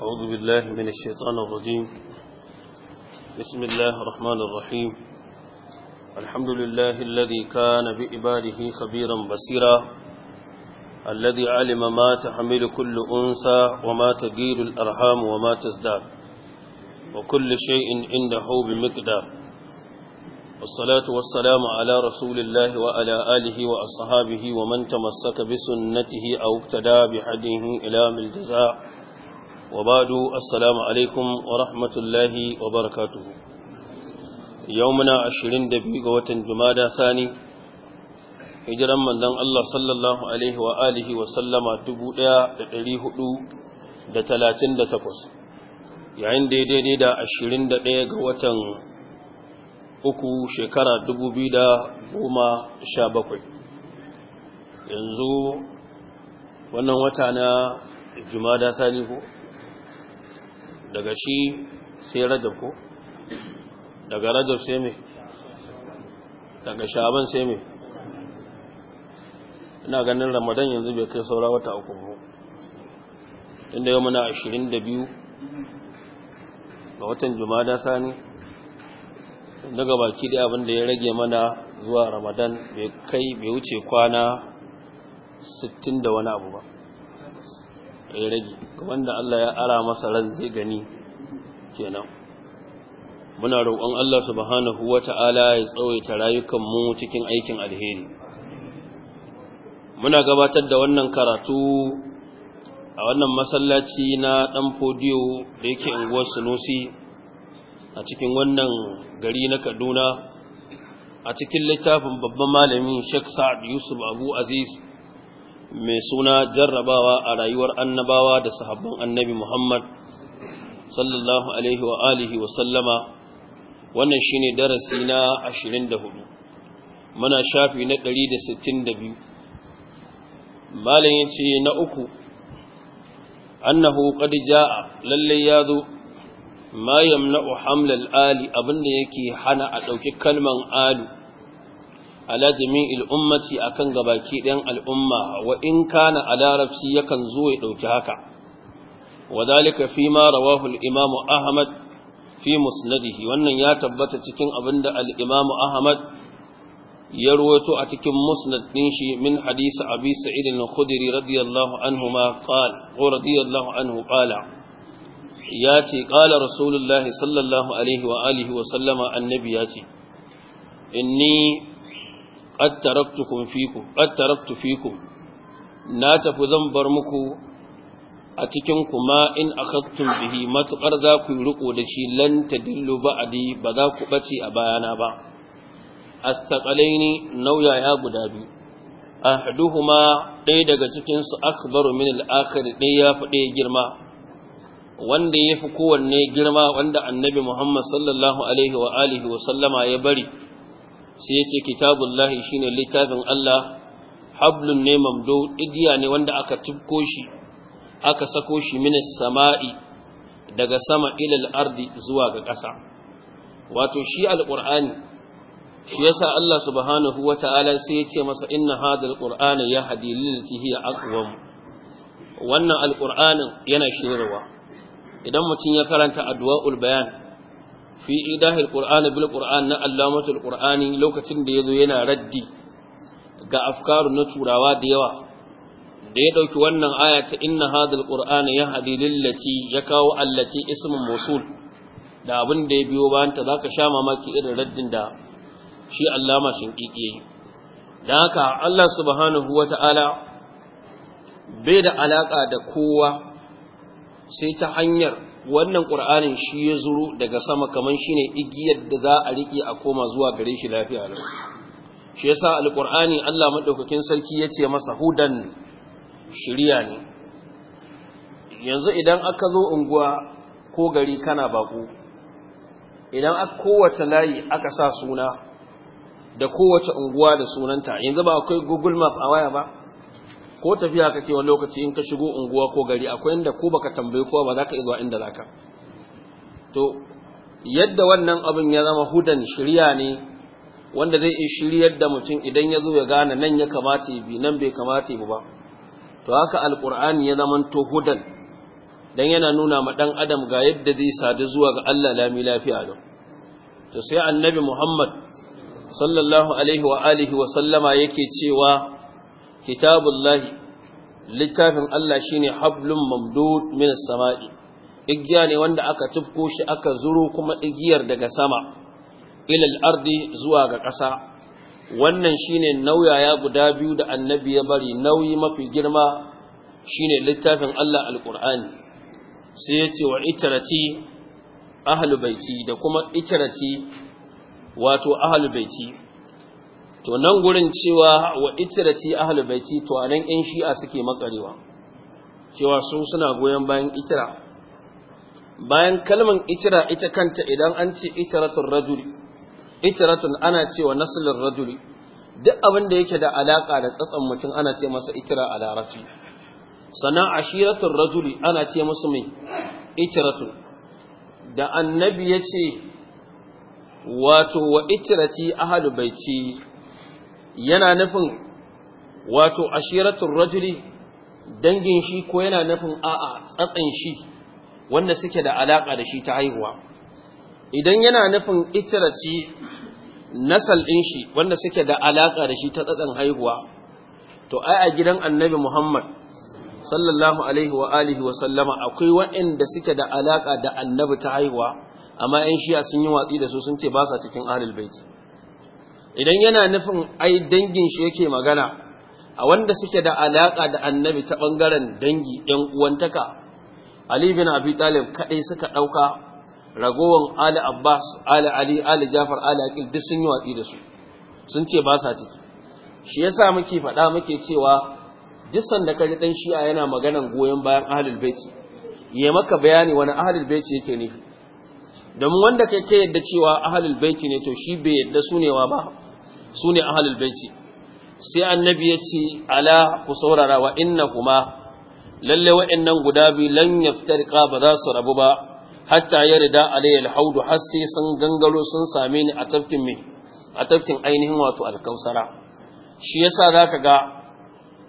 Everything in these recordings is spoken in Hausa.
أعوذ بالله من الشيطان الرجيم بسم الله الرحمن الرحيم الحمد لله الذي كان بإباده خبيرا بصيرا الذي علم ما تحمل كل أنثى وما تجيل الأرحام وما تزداد وكل شيء عنده بمقدار والصلاة والسلام على رسول الله وعلى آله وأصحابه ومن تمسك بسنته أو اقتدى بحده إلى ملتزاع وبعد السلام عليكم ورحمة الله وبركاته يومنا عشرين دبيق وتنجمادا ثاني hijiran manzon Allah sallallahu alaihi wa alihi wa sallama 1438 yayin da daidai da 21 ga watan uku shekara 2017 yanzu wannan wata na jumada ko. daga shi sai rajab ko daga rajab sai mai daga shaban sai mai ina ganin ramadan yanzu bai kai saura wata uku ba inda yau muna 22 ga watan jumada sani daga baki da abin da ya rage mana zuwa ramadan bai kai bai wuce kwana 60 da wani abu ba ya rage wanda Allah ya ara masa ran zai gani kenan muna roƙon Allah subhanahu wata'ala ya tsawaita rayukan mu cikin aikin alheri muna gabatar da wannan karatu a wannan masallaci na ɗan fodiyo da yake unguwar Sunusi a cikin wannan gari na Kaduna a cikin littafin babban malamin Sheikh Sa'ad Yusuf Abu Aziz mai suna jarrabawa a rayuwar annabawa da sahabban annabi Muhammad sallallahu alaihi wa alihi wa sallama wannan shine darasi na 24 muna shafi na 162 malam yace na uku annahu qad jaa lalle yazo ma yamna'u hamlal ali abinda yake hana a dauki kalman alu ala jami'il ummati akan gabaki ɗayan al'umma wa in kana a larabci yakan zo ya ɗauki haka wa zalika fi ma rawahu imam ahmad fi musnadihi wannan ya tabbata cikin abinda al ahmad ya ruwato a cikin musnad ɗin shi min hadisi abi sa'id na khudri radiyallahu anhu ma radiyallahu anhu ya ce ƙala rasulullahi sallallahu alaihi wa alihi wa sallama annabi ya ce inni qad taraktu na tafi zan bar muku a cikin kuma in akhadtum bihi matuƙar za ku yi riƙo da shi lan tadillu ba'di ba za ku ɓace a bayana ba astaqalaini nauya ya guda biyu ahduhuma ɗaya daga cikin su akbaru min al-akhir ɗaya ya fi ɗaya girma wanda ya fi kowanne girma wanda annabi Muhammad sallallahu alaihi wa alihi wa sallama ya bari sai yace kitabullahi shine littafin Allah hablun ne mamdo Idiya ne wanda aka tubko shi aka sako shi minas sama'i daga sama ilal ardi zuwa ga ƙasa wato shi alqur'ani shi yasa Allah subhanahu Ta'ala sai yace masa inna hadal qur'ana yahdi lillati hiya aqwam wannan alqur'anin yana shirarwa idan mutum ya karanta addu'a'ul bayan fi idahi qur'ani bil qur'an na allamatu alqur'ani lokacin da yazo yana raddi ga afkaru na turawa da yawa da ya dauki wannan aya ta inna hadal qur'ana yahdi lillati ya kawo allati ismun mawsul da abin da ya biyo bayan ta zaka sha mamaki irin raddin da shi allama shinqiqi yayi dan haka Allah subhanahu wataala bai da alaka da kowa sai ta hanyar wannan ƙur'anin shi ya zuru daga sama kaman ne igiyar da za a riƙe a koma zuwa gare shi lafiya lau shi yasa alƙur'ani Allah maɗaukakin sarki ya ce masa hudan shirya ne yanzu idan aka zo unguwa ko gari kana baƙo idan a kowace layi aka sa suna da kowace unguwa da sunanta yanzu ba akwai Google Map a waya ba ko tafiya kake wani lokaci in ka shigo unguwa ko gari akwai inda ko baka tambaye kowa ba za ka zuwa inda za ka to yadda wannan abin ya zama hudan shirya ne wanda zai iya shiryar da mutum idan ya zo ya gane nan ya kamata ya bi nan bai kamata ya ba to haka alkur'ani ya zama to hudan dan yana nuna ma dan adam ga yadda zai sadu zuwa ga Allah lami lafiya don to sai annabi Muhammad sallallahu alaihi wa alihi wa sallama yake cewa kitabullahi littafin Allah shine hablum mamdud min samai igiya ne wanda aka tufko shi aka zuro kuma igiyar daga sama ilal ardi zuwa ga ƙasa wannan shine nauyaya guda biyu da annabi ya bari nauyi mafi girma shine littafin Allah Alƙur'ani, sai yace wa itrati ahlu baiti da kuma itrati wato ahlu baiti to nan gurin cewa wa itirati ahlul baiti to anan yan shi'a suke makarewa cewa su suna goyon bayan itira bayan kalmar itira ita kanta idan an ce itiratul rajuli itiratun ana cewa naslur rajuli duk abin da yake da alaka da tsatsan mutum ana ce masa itira a larabci sannan ashiratul rajuli ana ce musu mai itiratun da annabi ya ce wato wa itirati ahlul baiti yana nufin wato ashiratul rajuli dangin shi ko yana nufin a'a tsatsan shi wanda suke da alaka da shi ta haihuwa idan yana nufin itiraci nasal din shi wanda suke da alaka da shi ta tsatsan haihuwa to ai a gidan annabi Muhammad sallallahu alaihi wa alihi wa sallama akwai waɗanda suke da alaka da annabi ta haihuwa amma 'yan shi'a sun yi watsi da su sun ce ba sa cikin ahlul baiti idan yana nufin ai dangin shi yake magana a wanda suke da alaka da annabi ta bangaren dangi ɗan uwantaka ali bin abi talib kadai suka dauka ragowan ali abbas ali ali ali jafar ali aqil duk sun yi watsi da su sun ce ba sa ciki shi yasa muke faɗa muke cewa duk sanda kaji ji dan shi'a yana maganan goyon bayan ahlul baiti ya maka bayani wani ahlul baiti yake nufi domin wanda kai ta yadda cewa ahlul baiti ne to shi bai yadda sunewa ba su ne ahalul benci sai annabi ya ce ala ku saurara wa inna kuma lalle nan guda biyu lan ka ba za su rabu ba hatta yarda alayya alhaudu har sai sun gangaro sun same ni a tafkin mai a tafkin ainihin wato alkausara shi yasa ka ga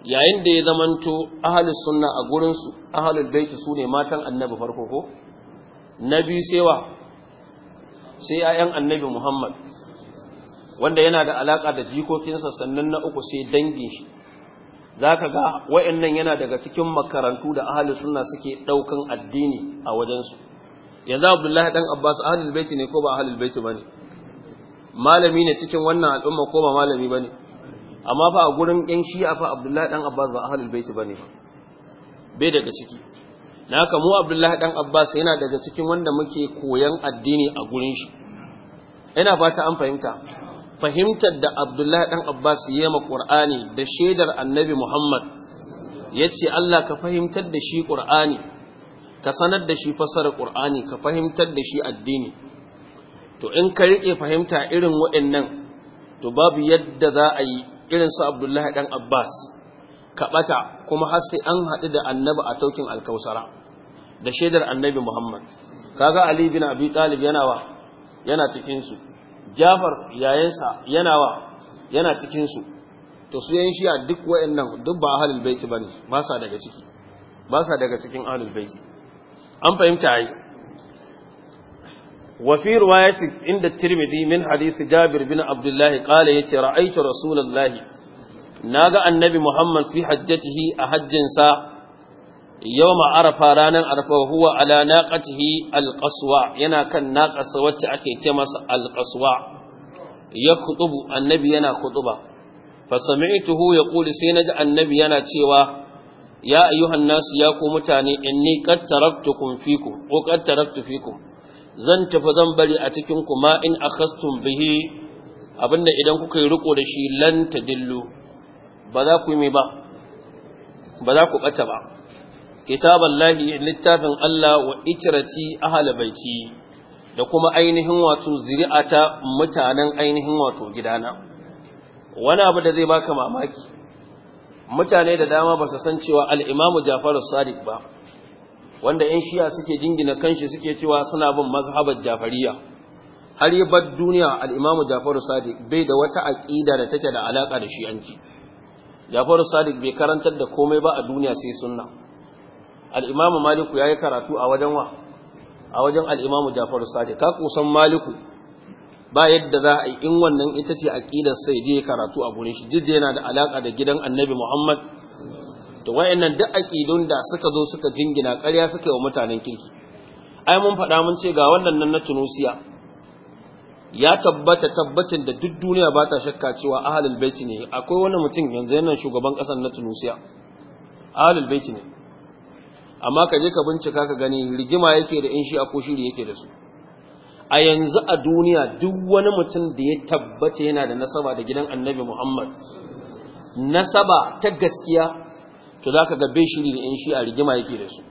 yayin da ya zamanto ahalus sunna a gurin su ahalul baiti ne matan annabi farko ko nabi sewa sai ayan annabi Muhammad wanda yana da alaka da jikokinsa sannan na uku sai dangin shi ka ga nan yana daga cikin makarantu da ahalin suna suke daukan addini a wajensu yanzu abdullahi dan abbas ahlul baiti ne ko ba ahlul baiti ne malami ne cikin wannan al'umma ko ba malami ne amma fa a gurin shi a fa abdullahi dan abbas ba ahlul baiti bane bai daga ciki na haka mu abdullahi dan abbas yana daga cikin wanda muke koyan addini a gurin shi ina fata an fahimta fahimtar da abdullahi dan abbas ya ma qur'ani da shaidar annabi muhammad yace Allah ka fahimtar da shi qur'ani ka sanar da shi fasara qur'ani ka fahimtar da shi addini to in ka rike fahimta irin waɗannan to babu yadda za a yi irin su abdullahi dan abbas ka ɓata, kuma har sai an haɗu da annabi a taukin alkausara da shaidar annabi muhammad kaga ali bin abi talib yana wa yana cikin su Jafar yayinsa yana wa yana cikin su to su yan a duk wayannan duk ba ahlul baiti bane ba sa daga ciki ba sa daga cikin ahlul baiti an fahimta ai wa fi inda Tirmidhi min hadisi Jabir bin Abdullah qala yace ra'aytu Rasulullahi naga annabi Muhammad fi hajjatihi a hajjinsa sa Yau ma'arafa ranar arafa huwa ala naqatihi alqaswa yana kan naƙasa wacce ake ce masa alqaswa ya khutubu annabi yana khutuba fa sami'tuhu yaqulu sai naji annabi yana cewa ya ayyuhan nasu ya ku mutane inni qad taraktukum fikum ko qad taraktu fikum zan tafi zan bari a cikin ku ma in akhastum bihi abinda idan kuka yi riko da shi lan tadillu ba za ku yi ba ba za ku bata ba kitaballahi littafin Allah wa ikirati baiti da kuma ainihin wato zuri'ata mutanen ainihin wato gidana wani abu da zai baka mamaki mutane da dama ba su san cewa al Jafaru Ja'far sadiq ba wanda 'yan Shi'a suke jingina kanshi suke cewa suna bin mazhabar jafariya. har yi bar duniya al-Imam Ja'far sadiq bai da wata aƙida da take da alaka da Shi'anci Ja'far as-Sadiq bai karantar da komai ba a duniya sai sunna al'imamu maliku ya yi karatu a wajen wa a wajen al'imamu jafaru sake ka kusan maliku ba yadda za a yi in wannan ita ce a sai dai karatu a gurin shi duk yana da alaƙa da gidan annabi muhammad to wayannan duk aƙidun da suka zo suka jingina ƙarya suka yi wa mutanen kirki ai mun faɗa mun ce ga wannan nan na tunusiya ya tabbata tabbacin da duk duniya ba ta shakka cewa ahalul baiti ne akwai wani mutum yanzu yana shugaban ƙasar na tunusiya ahalul baiti ne amma ka je ka bincika ka gani rigima yake da in shi a ko shiri yake da su a yanzu a duniya duk wani mutum da ya tabbata yana da nasaba da gidan annabi muhammad nasaba ta gaskiya to za ka ga shiri da in shi a rigima yake da su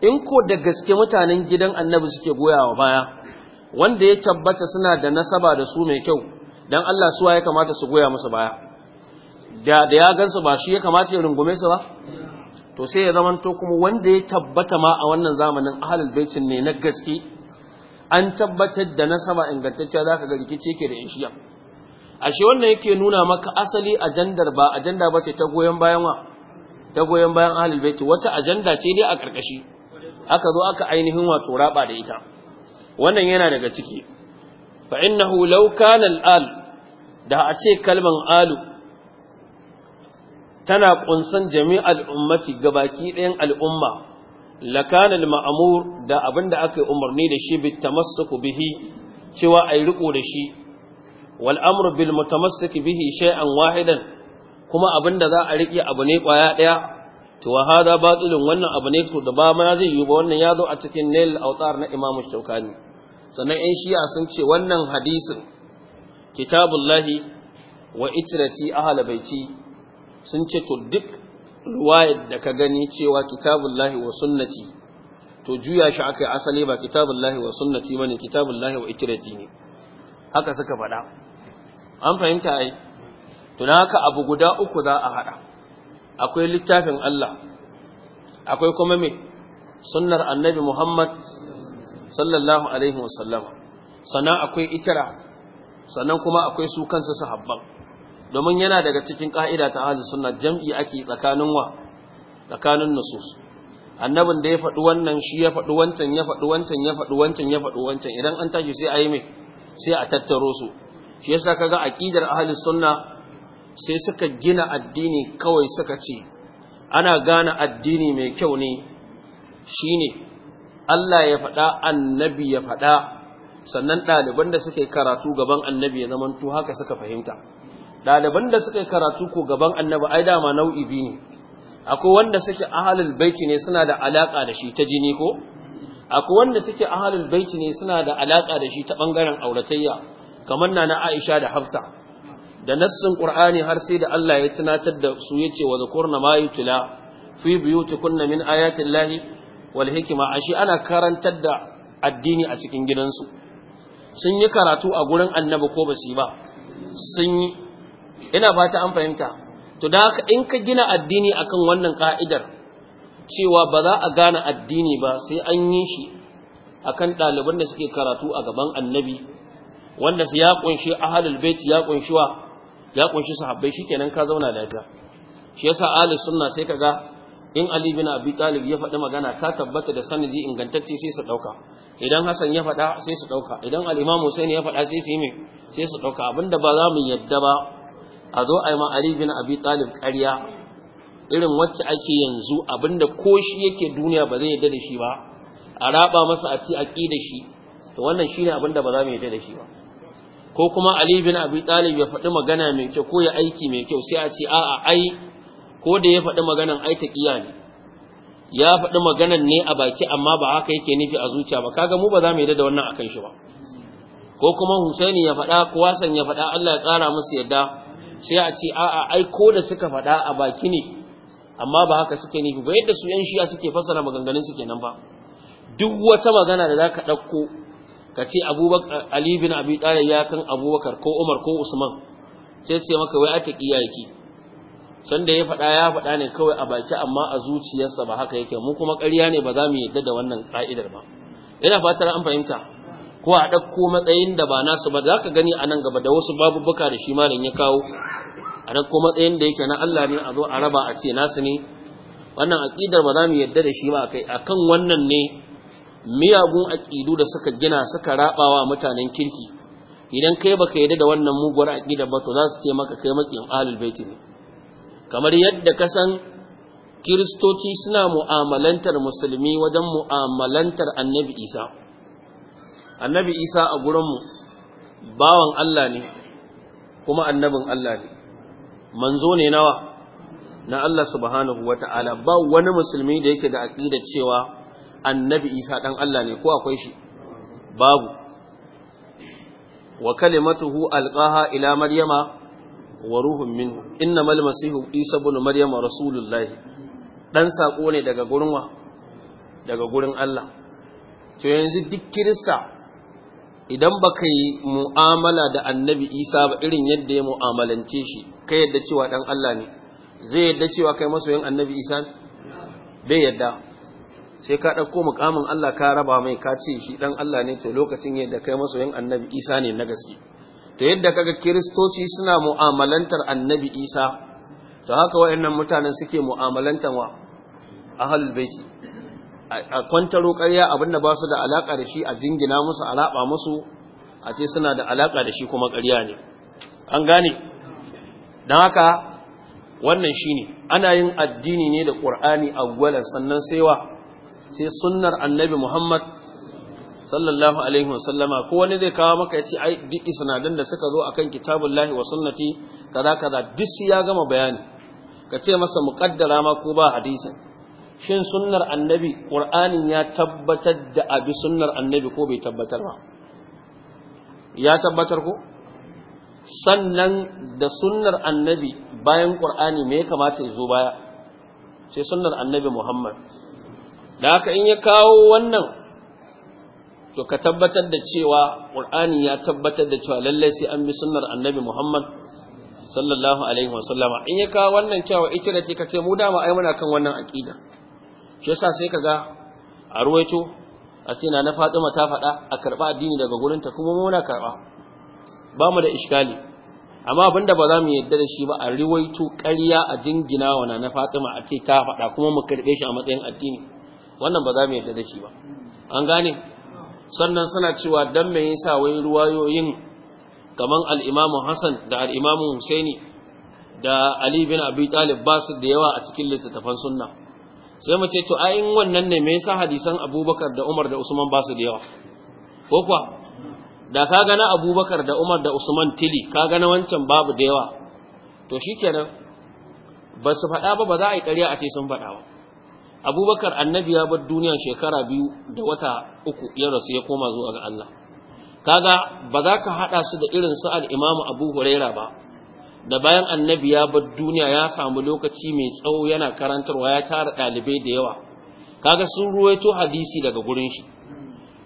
in ko da gaske mutanen gidan annabi suke goya wa baya wanda ya tabbata suna da nasaba da su mai kyau don Allah suwa ya kamata su goya musu baya da da ya gansu ba shi ya kamata ya rungume su ba to sai ya zamanto kuma wanda ya tabbata ma a wannan zamanin ahalul baitin ne na gaske an tabbatar da nasaba ingantacciya ka ga rikici ke da inshiya ashe wannan yake nuna maka asali ajandar ba ajanda ba ce ta goyen bayan wa ta goyen bayan ahalul baiti wata ajanda ce dai a karkashi aka zo aka ainihin wato raba da ita wannan yana daga ciki fa innahu law kana al da a ce kalman alu tana ƙunsan jami'al ga baki ɗayan al'umma ma'amur, da abin da aka yi umarni da shi ku bihi cewa ai riko da shi bil amru bil ku bihi shay'an wahidan kuma abin da za a riƙe abu ne ƙwaya ɗaya to wa hada batilun wannan abu ne da ba ma zai yi ba wannan ya zo a cikin nail autar na imamu shaukani sannan yan shi'a sun ce wannan hadisin kitabullahi wa itrati ahla baiti sun ce to duk ruwayar da ka gani cewa lahi wa sunnati to juya shi aka yi asali ba kitabun lahi wa sunnati kitabun lahi wa ikirati ne haka suka faɗa an fahimta ai to na haka abu guda uku za a haɗa akwai littafin Allah akwai kuma me sunnar annabi Muhammad sallallahu alaihi wasallama sannan akwai ikira sannan kuma akwai su kansu sahabban domin yana daga cikin ka'ida ta ahli sunna jam'i ake tsakanin wa tsakanin nusus annabin da ya faɗi wannan shi ya faɗi wancan ya faɗi wancan ya faɗi wancan ya faɗi wancan idan an tashi sai a yi mai sai a tattaro su shi yasa kaga aqidar ahli sunna sai suka gina addini kawai suka ce ana gane addini mai kyau ne shine Allah ya faɗa annabi ya faɗa sannan ɗaliban da suke karatu gaban annabi ya zamantu haka suka fahimta ɗaliban da suka yi karatu ko gaban annabi ai dama nau'i biyu ne akwai wanda suke ahalul baiti ne suna da alaka da shi ta jini ko akwai wanda suke ahalul baiti ne suna da alaka da shi ta bangaren auratayya kamar na Aisha da Hafsa da nassin Qur'ani har sai da Allah ya tunatar da su yace wa zakurna ma yutila fi buyutikunna min ayati llahi wal hikma ashi ana karantar da addini a cikin gidansu sun yi karatu a gurin annabi ko basu ba sun yi ina ta an fahimta to da in ka gina addini akan wannan ka'idar cewa ba za a gane addini ba sai an yi shi akan ɗaliban da suke karatu a gaban annabi wanda su ya kunshi ahalul bait ya kunshi wa ya kunshi sahabbai shikenan ka zauna lafiya shi yasa ahlus sunna sai kaga in Ali bin Abi Talib ya faɗi magana ta tabbata da sanadi ingantacce sai su ɗauka idan Hassan ya faɗa sai su ɗauka idan al-Imam Hussein ya faɗa sai su yi mai sai su ɗauka abinda ba za mu yadda ba a zo a yi ma Ali bin Abi Talib ƙarya irin wacce ake yanzu abinda ko shi yake duniya ba zai yadda da shi ba a raba masa a ci da shi to wannan shi ne abinda ba za mu yadda da shi ba ko kuma Ali bin Abi Talib ya faɗi magana mai kyau ko ya aiki mai kyau sai a ce a'a ai ko da ya faɗi maganan ai ƙiya ne ya faɗi maganan ne a baki amma ba haka yake nufi a zuciya ba kaga mu ba za mu yadda da wannan akan shi ba ko kuma Husaini ya faɗa ko Hassan ya faɗa Allah ya ƙara musu yadda sai a ce a'a aiko da suka faɗa a baki ne amma ba haka suke ne ba yadda su yan shiya suke fassara maganganun su kenan ba duk wata magana da zaka ɗauko ka ce abubakar ali bin abi talib ya kan abubakar ko umar ko usman sai sai maka wai ataqiya yake sanda ya faɗa ya faɗa ne kawai a baki amma a zuciyarsa ba haka yake mu kuma ƙarya ne ba za mu yarda da wannan ƙa'idar ba ina fatar an fahimta ko a ɗauko matsayin da ba nasu ba za ka gani a nan gaba da wasu babu-buka da shi malam ya kawo a ɗauko matsayin da yake na Allah ne a zo a raba a ce nasu ne wannan aƙidar ba za mu yarda da shi ba a kai akan wannan ne miyagun aƙidu da suka gina suka rabawa mutanen kirki idan kai baka yarda da wannan muguwar aƙidar ba to za su ce maka kai maƙin ahlul baiti ne kamar yadda ka san kiristoci suna mu'amalantar musulmi wajen mu'amalantar annabi isa annabi isa a gurinmu bawan Allah ne kuma annabin Allah ne manzo ne nawa na Allah subhanahu wata'ala ba wani musulmi da yake da aqida cewa annabi isa dan Allah ne ko akwai shi babu wa kalimatuhu alqaha ila maryama wa ruhun minhu innamal masihu isa ibn maryama rasulullahi dan sako ne daga gurinwa? daga gurin Allah to yanzu duk kirista idan ba ka yi mu'amala da annabi isa ba irin yadda ya mu'amalance shi ka yadda cewa ɗan Allah ne zai yadda cewa kai masoyin annabi isa bai yadda sai ka ɗauko mukamin Allah ka raba mai ka ce shi dan Allah ne to lokacin yadda kai masoyin annabi isa ne na gaske to yadda kaga kiristoci suna mu'amalantar annabi isa to haka waɗannan mutanen suke mu'amalantar wa ahlul baiti a kwantaro ƙarya abinda ba su da alaƙa da shi a jingina musu a raɓa musu a ce suna da alaƙa da shi kuma ƙarya ne an gane don haka wannan shi ne ana yin addini ne da ƙur'ani a gwalar sannan saiwa sai sunnar annabi muhammad sallallahu alaihi wasallama ko wani zai kawo maka ya ce ai duk isnadan da suka zo a kitabun kitabullahi wa sunnati kaza kaza duk ya gama bayani ka ce masa muƙaddara ma ko ba hadisin shin sunnar annabi ƙur'anin ya tabbatar da abi sunnar annabi ko bai tabbatar ba ya tabbatar ko sannan da sunnar annabi bayan ƙur'ani me ya kamata ya zo baya sai sunnar annabi muhammad da haka in ya kawo wannan to ka tabbatar da cewa ƙur'ani ya tabbatar da cewa lallai sai an bi sunnar annabi muhammad sallallahu alaihi wasallama in ya kawo wannan cewa ikirati ka ce mu dama ai muna kan wannan aqida shi yasa sai kaga a ruwaito a ce na na Fatima ta faɗa a karɓa addini daga gurin ta kuma muna karɓa ba mu da iskali amma abinda ba za mu yadda da shi ba a ruwaito ƙarya a jingina wa na Fatima a ce ta faɗa kuma mu karɓe shi a matsayin addini wannan ba za mu yadda da shi ba an gane sannan suna cewa dan me yasa wai ruwayoyin kaman al-Imam Hassan da al-Imam Husaini da Ali bin Abi Talib ba su da yawa a cikin littattafan sunna sai mu ce to a in wannan ne me yasa hadisan abubakar da umar da usman ba su da yawa ko kuwa da ka gana abubakar da umar da usman tili ka gana wancan babu da yawa to kenan ba su faɗa ba ba za a yi ƙarya a ce sun faɗa ba abubakar annabi ya bar duniya shekara biyu da wata uku ya rasu ya koma zuwa ga Allah kaga ba za ka haɗa su da irin su al'imamu abu huraira ba da bayan annabi ya bar duniya ya samu lokaci mai tsawo yana karantarwa ya tara ɗalibai da yawa kaga sun ruwaito hadisi daga gurin shi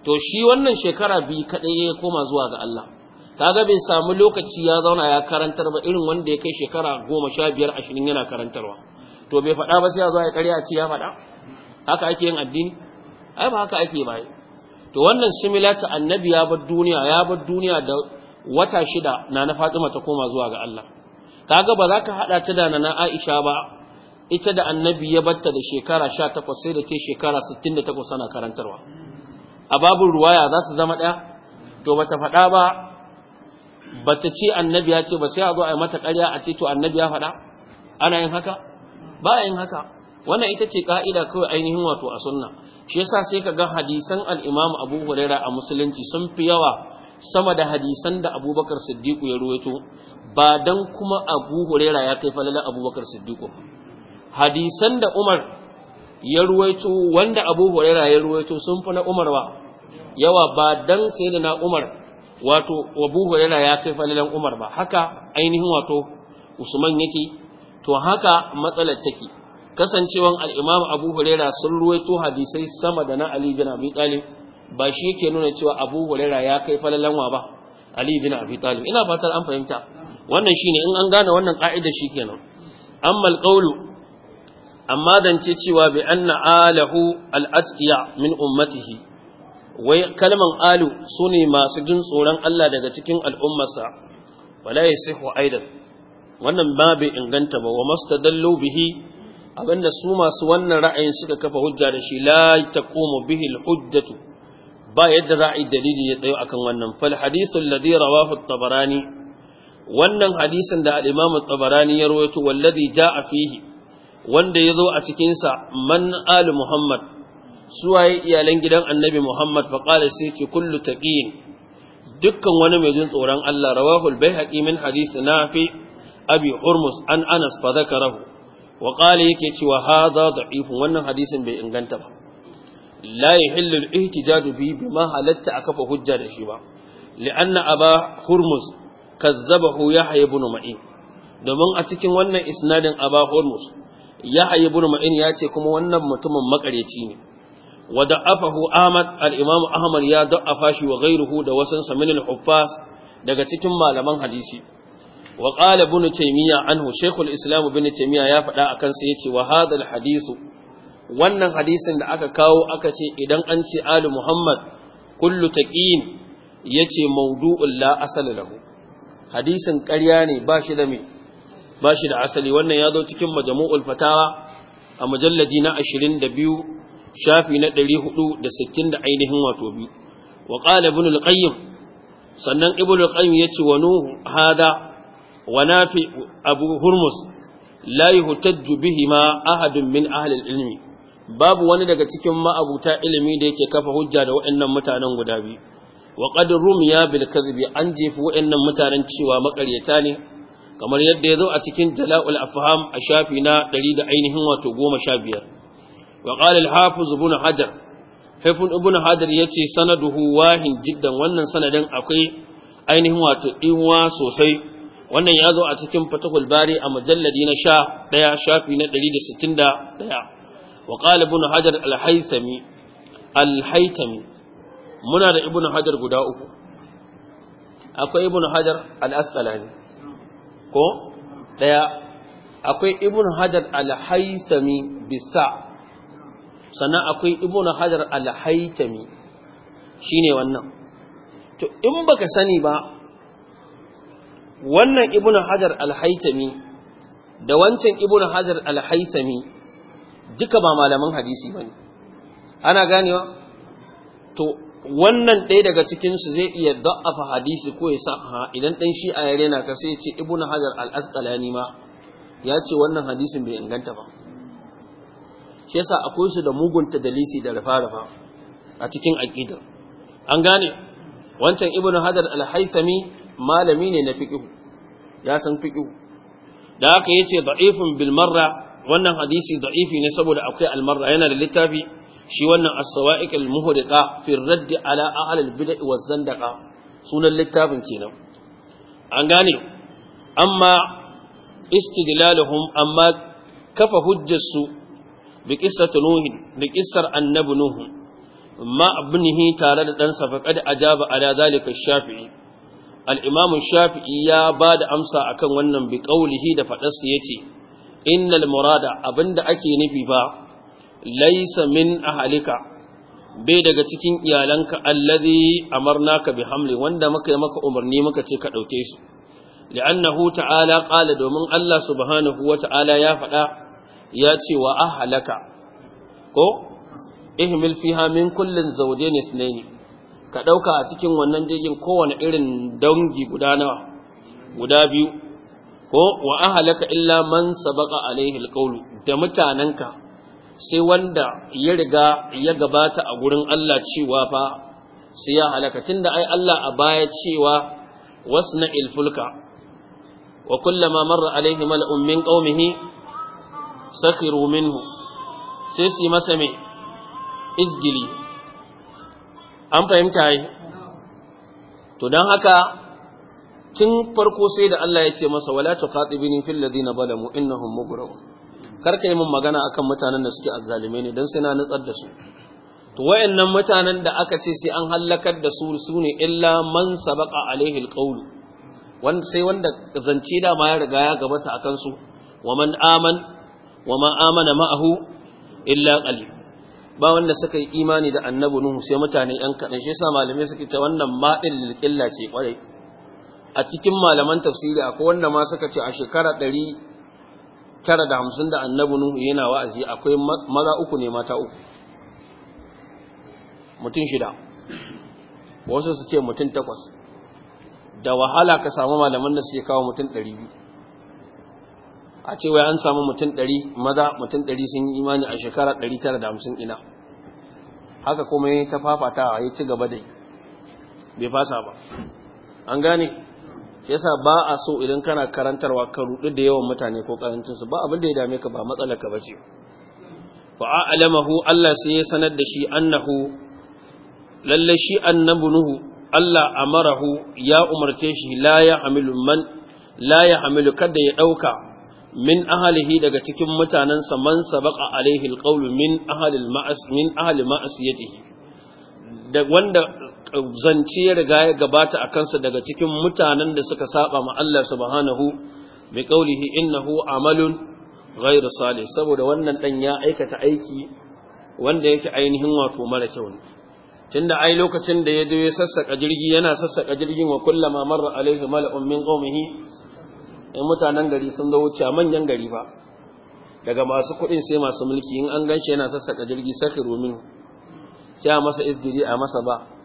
to shi wannan shekara biyu kaɗai ya koma zuwa ga Allah kaga bai samu lokaci ya zauna ya karantar ba irin wanda ya kai shekara goma sha biyar ashirin yana karantarwa to bai faɗa ba sai ya zo ya karya ce ya faɗa haka ake yin addini ai ba haka ake ba to wannan ta annabi ya bar duniya ya bar duniya da wata shida na na Fatima ta koma zuwa ga Allah kaga ba za ka haɗa ta da na Aisha ba ita da annabi ya batta da shekara 18 sai da ke shekara 68 tana karantarwa a babin ruwaya za su zama ɗaya to ba ta faɗa ba ba ta ce annabi ya ce ba sai a zo a yi mata ƙarya a ce to annabi ya faɗa ana yin haka ba yin haka wannan ita ce ƙa'ida kawai ainihin wato a sunna shi yasa sai ka ga hadisan al Abu Huraira a musulunci sun fi yawa sama da hadisan da abubakar siddiqu ya ruwaito ba dan kuma abu hurera ya kai falala abubakar siddiqu hadisan da umar ya ruwaito wanda abu hurera ya ruwaito sun fi na umar ba yawa ba dan na umar wato abu hurera ya kai falala umar ba haka ainihin wato usman yake to haka matsalar take kasancewan al-imam abu hurera sun ruwaito hadisai sama da na ali bin abi talib ba shi yake nuna cewa abu huraira ya kai falalanwa ba ali bin abi talib ina fatar an fahimta wannan shine in an gane wannan ka'ida shikenan amma alqawlu amma ce cewa bi anna alahu al min ummatihi wai kalman alu sune masu jin tsoron Allah daga cikin al'ummarsa wala yasihu aidan wannan ba bai inganta ba wa mastadallu bihi abinda su masu wannan ra'ayin suka kafa hujja da shi la taqumu bihi al-hujjatu ba yadda za a yi dalili ya tsayo akan wannan fal hadithul ladhi rawahu tabarani wannan hadisin da al tabarani ya rawaito wallazi jaa fihi wanda ya zo a cikin sa man al muhammad suwaye iyalan gidan annabi muhammad fa qala sai ce kullu taqin dukkan wani mai jin tsoron Allah rawahu al-baihaqi min hadith nafi abi hurmus an anas fa zakarahu wa qala yake cewa hadha da'if wannan hadisin bai inganta ba la yahillu al-ihtijaju bi bima halatta a kafa hujja da shi ba li'anna aba hurmus kazzabahu yahya ibn ma'in domin a cikin wannan isnadin aba hurmus yahya ibn ma'in ya ce kuma wannan mutumin makareci ne wa da'afahu ahmad al-imam ahmad ya da'afa shi wa ghayruhu da wasan samin al daga cikin malaman hadisi wa qala ibn taymiya anhu shaykh al-islam ibn ya faɗa akan sa yace wa hadha al wannan hadisin da aka kawo aka ce idan an ce ali muhammad kullu taqin yace mawdu'un la asala lahu hadisin ƙarya ne ba shi da me ba shi da asali wannan ya zo cikin majmu'ul fatawa a mujallaji na 22 shafi na 460 da ainihin wato biyu wa qala ibn al-qayyim sannan ibn al-qayyim yace wa nuhu hada wa nafi abu hurmus la yuhtajju bihima ahadun min ahli al-ilmi babu wani daga cikin ma'abuta ilimi da yake kafa hujja da waɗannan mutanen guda biyu wa qad rumiya bil kadhibi an jefi waɗannan mutanen cewa makaryata ne kamar yadda ya zo a cikin jala'ul afham a shafi na 100 da ainihin wato 15 wa qala al hafiz ibn hajar hafiz ibn hajar yace sanaduhu wahin jiddan wannan sanadin akwai ainihin wato inwa sosai wannan ya zo a cikin fatahul bari a mujalladi na 11 shafi na 161 وقال ابن حجر الحيثمي الحيثمي منا da ibn hajar guda uku akwai ibn hajar al-asqalani ko daya akwai ibn hajar al-haythami bisa sannan akwai ibn hajar al-haythami shine wannan to in baka sani ba wannan ibn hajar al-haythami da wancan ibn hajar al-haythami duka ba malaman hadisi ba ne. ana ganewa to wannan ɗaya daga cikinsu zai iya da'afa hadisi ko ya sa idan ɗan shi a yare na kasa ya ce ibn hajar al-asqalani ma ya ce wannan hadisin bai inganta ba shi yasa akwai su da mugunta dalisi da rafa-rafa a cikin aqidar an gane wancan ibn hajar al-haythami malami ne na fiqh ya san fiqh da haka yace da'ifun bil marra wannan hadisi da'ifi ne saboda akwai almarra yana da littafi shi wannan as-sawa'iq al fi radd ala ahli al-bid'ah wa zandaqa sunan littafin kenan an gane amma istidlaluhum amma kafa hujjarsu bi qissati nuh da qissar annabi nuh ma abnihi tare da dan sa ajaba ala zalika shafii al-imam shafii ya bada amsa akan wannan bi qawlihi da fadarsa yace innal murada abinda ake nufi ba laysa min ahlika bai daga cikin iyalanka allazi amarnaka bi hamli wanda muka yi maka umarni muka ce ka dauke su li'annahu ta'ala qala domin Allah subhanahu wata'ala ya faɗa ya ce wa ahlaka ko ihmil fiha min kullin zawjayn isnayn ka dauka a cikin wannan jirgin kowane irin dangi guda nawa guda biyu ko wa ahlaka illa man sabaqa alaihi alqawlu da mutananka sai wanda ya riga ya gabata a gurin Allah cewa fa sai ya halaka tunda ai Allah a baya cewa wasna ilfulka wa kullama marra alaihi mal'un min qaumihi sakhiru minhu sai su masa me izgili an fahimta yi to don haka tun farko sai da Allah ya ce masa wala ta tuqatibni fil ladina mu inna mugrabun kar ka yi min magana akan mutanen da suke azzalume ne dan sai na nutsar da su to wayannan mutanen da aka ce sai an halakar da su sune illa man sabaqa alaihi alqawlu sai wanda zance da ma ya riga ya gabata akan su wa man aman wa amana ma'ahu illa qalil ba wanda suka yi imani da annabi nuhu sai mutane yan kadan shi yasa malamai suke ta wannan ma'il qilla ce kwarai a cikin malaman tafsiri akwai wanda ma suka ce a shekara ɗari tara da hamsin da annabi nuhu yana wa'azi akwai maza uku ne mata uku mutum shida wasu su ce mutum takwas da wahala ka samu malaman da suke kawo mutum ɗari biyu a ce wai an samu mutum ɗari maza mutum ɗari sun yi imani a shekara ɗari tara da hamsin ina haka kuma ya ta fafatawa ya ci gaba da yi bai fasa ba an gane shi yasa ba a so idan kana karantarwa ka rudu da yawan mutane ko karancinsu ba abin da ya dame ka ba matsalar ka bace fa a'lamahu Allah sai ya sanar da shi annahu lalle shi annabunuhu nuhu Allah amarahu ya umarce shi la ya hamilu man la ya hamilu kada ya dauka min ahlihi daga cikin mutanansa man sabaqa alaihi alqawlu min ahli almas min ahli ma'siyatihi da wanda zance ya riga ya gabata a kansa daga cikin mutanen da suka saba ma Allah subhanahu bi qawlihi innahu amalun ghairu salih saboda wannan dan ya aikata aiki wanda yake ainihin wato mara kyau ne tunda ai lokacin da ya je ya sassaka jirgi yana sassaka jirgin wa kullama marra alaihi mala'un min qaumihi ai mutanen gari sun zo wuce manyan gari ba daga masu kuɗin sai masu mulki in an ganshi yana sassaka jirgi sakiru min sai a masa isdiri a masa ba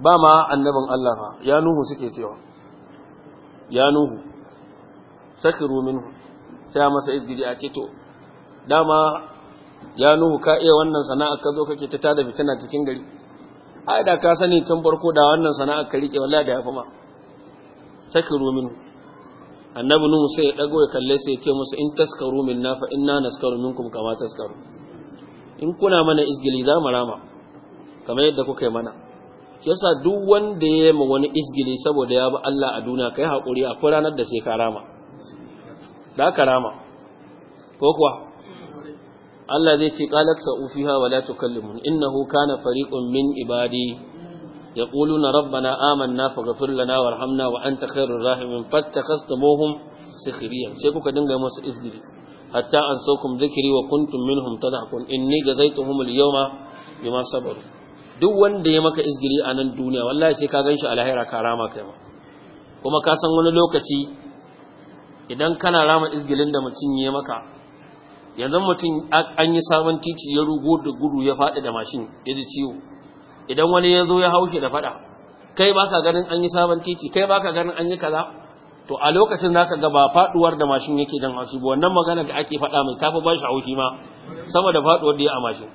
ba ma annabin Allah ba ya nuhu suke cewa ya nuhu sakiru minhu sai masa izgiri a ceto dama ya nuhu ka iya wannan sana'a ka zo kake ta tada fitina cikin gari A da ka sani tun farko da wannan sana'a ka rike wallahi da yafi ma sakiru minhu annabi nuhu sai ya dago ya kalle sai ya ce musu in taskaru minna fa inna naskaru minkum kama taskaru in kuna mana izgili za mu rama kamar yadda kuka yi mana yasa duk wanda ya yi wani izgili saboda ya bi Allah a duniya kai haƙuri a ranar da sai ka rama da ka rama ko kuwa Allah zai ce qalak sa'ufiha wa la tukallimun innahu kana fariqun min ibadi yaquluna rabbana amanna faghfir lana warhamna wa anta khairur rahimin fattakhastumuhum sikhriyan sai kuka dinga musu izgili hatta an saukum dhikri wa kuntum minhum tadhakun inni jazaituhum al-yawma bima sabaru duk wanda ya maka izgiri a nan duniya wallahi sai ka gan shi a lahira ka rama kai ma kuma ka san wani lokaci idan kana rama izgilin da mutum ya maka yanzu mutum an yi sabon titi ya rugo da gudu ya faɗi da mashin ya ji ciwo idan wani ya zo ya haushe da faɗa kai baka ganin an yi sabon titi kai baka ganin an yi kaza to a lokacin zaka ga ba faduwar da mashin yake dan haushi ba wannan magana da ake faɗa mai tafi bashi haushi ma sama da faduwar da ya a mashin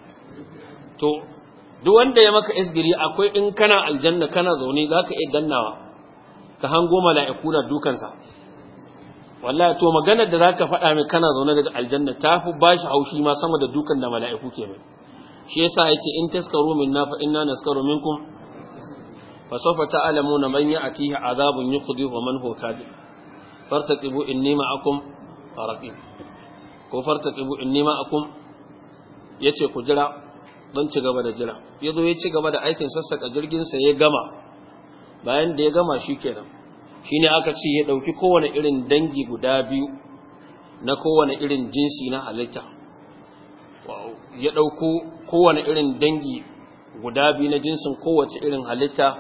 to duk wanda ya maka isgiri akwai in kana aljanna kana zaune za ka iya dannawa ka hango mala'iku na dukansa wallahi to maganar da za ka faɗa mai kana zaune daga aljanna ta fi ba shi haushi ma sama da dukan da mala'iku ke mai shi yasa ce in taskaro min na fa na naskaro minkum fa sawfa ta'lamuna man ya'tihi azabun yuqdi wa man huwa kadhib fartaqibu inni ma'akum raqib ko nema ya ce ku jira don ci gaba da jira ya zo ya ci gaba da aikin sassaƙa jirginsa ya gama bayan da ya gama shi kenan shi ne aka ce ya ɗauki kowane irin dangi guda biyu na kowane irin jinsi na halitta ya ɗauko kowane irin dangi guda biyu na jinsin kowace irin halitta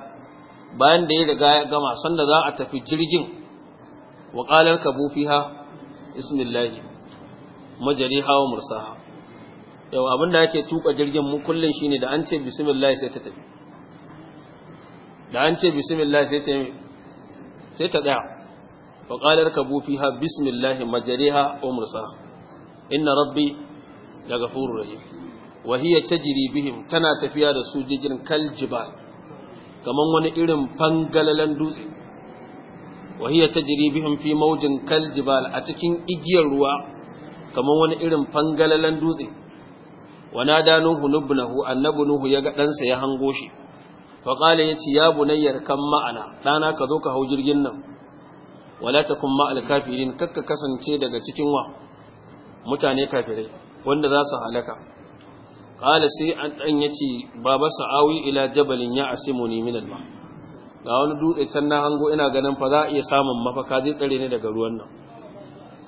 bayan da ya riga ya gama sanda za a tafi jirgin Wa waƙalar kabufiha ismillahi majariha wa mursaha yau abin da ake tuka jirgin mu kullum shi ne da an ce bismillah sai ta tafi da an ce bismillah sai ta sai ta daya wa qalar kabu fiha bismillah majriha wa mursaha inna rabbi laghafurur rahim wa hiya tajri bihim tana tafiya da su jirgin kaljibal kaman wani irin fangalalan dutse wa hiya tajri bihim fi mawjin kaljibal a cikin igiyar ruwa kaman wani irin fangalalan dutse ونادى annabu nuhu النبي نوح يغا ya hango shi. شي فقال يتي يا بني kan ma'ana, دانا ka zo ka hau jirgin nan wala takum ma alkafirin kakka kasance daga cikin wa mutane kafirai wanda za su halaka qala sai an dan yace baba sa'awi ila jabalin ya asimuni min alma ga wani dutse can na hango ina ganin fa za a iya samun mafaka zai tsare ni daga ruwan nan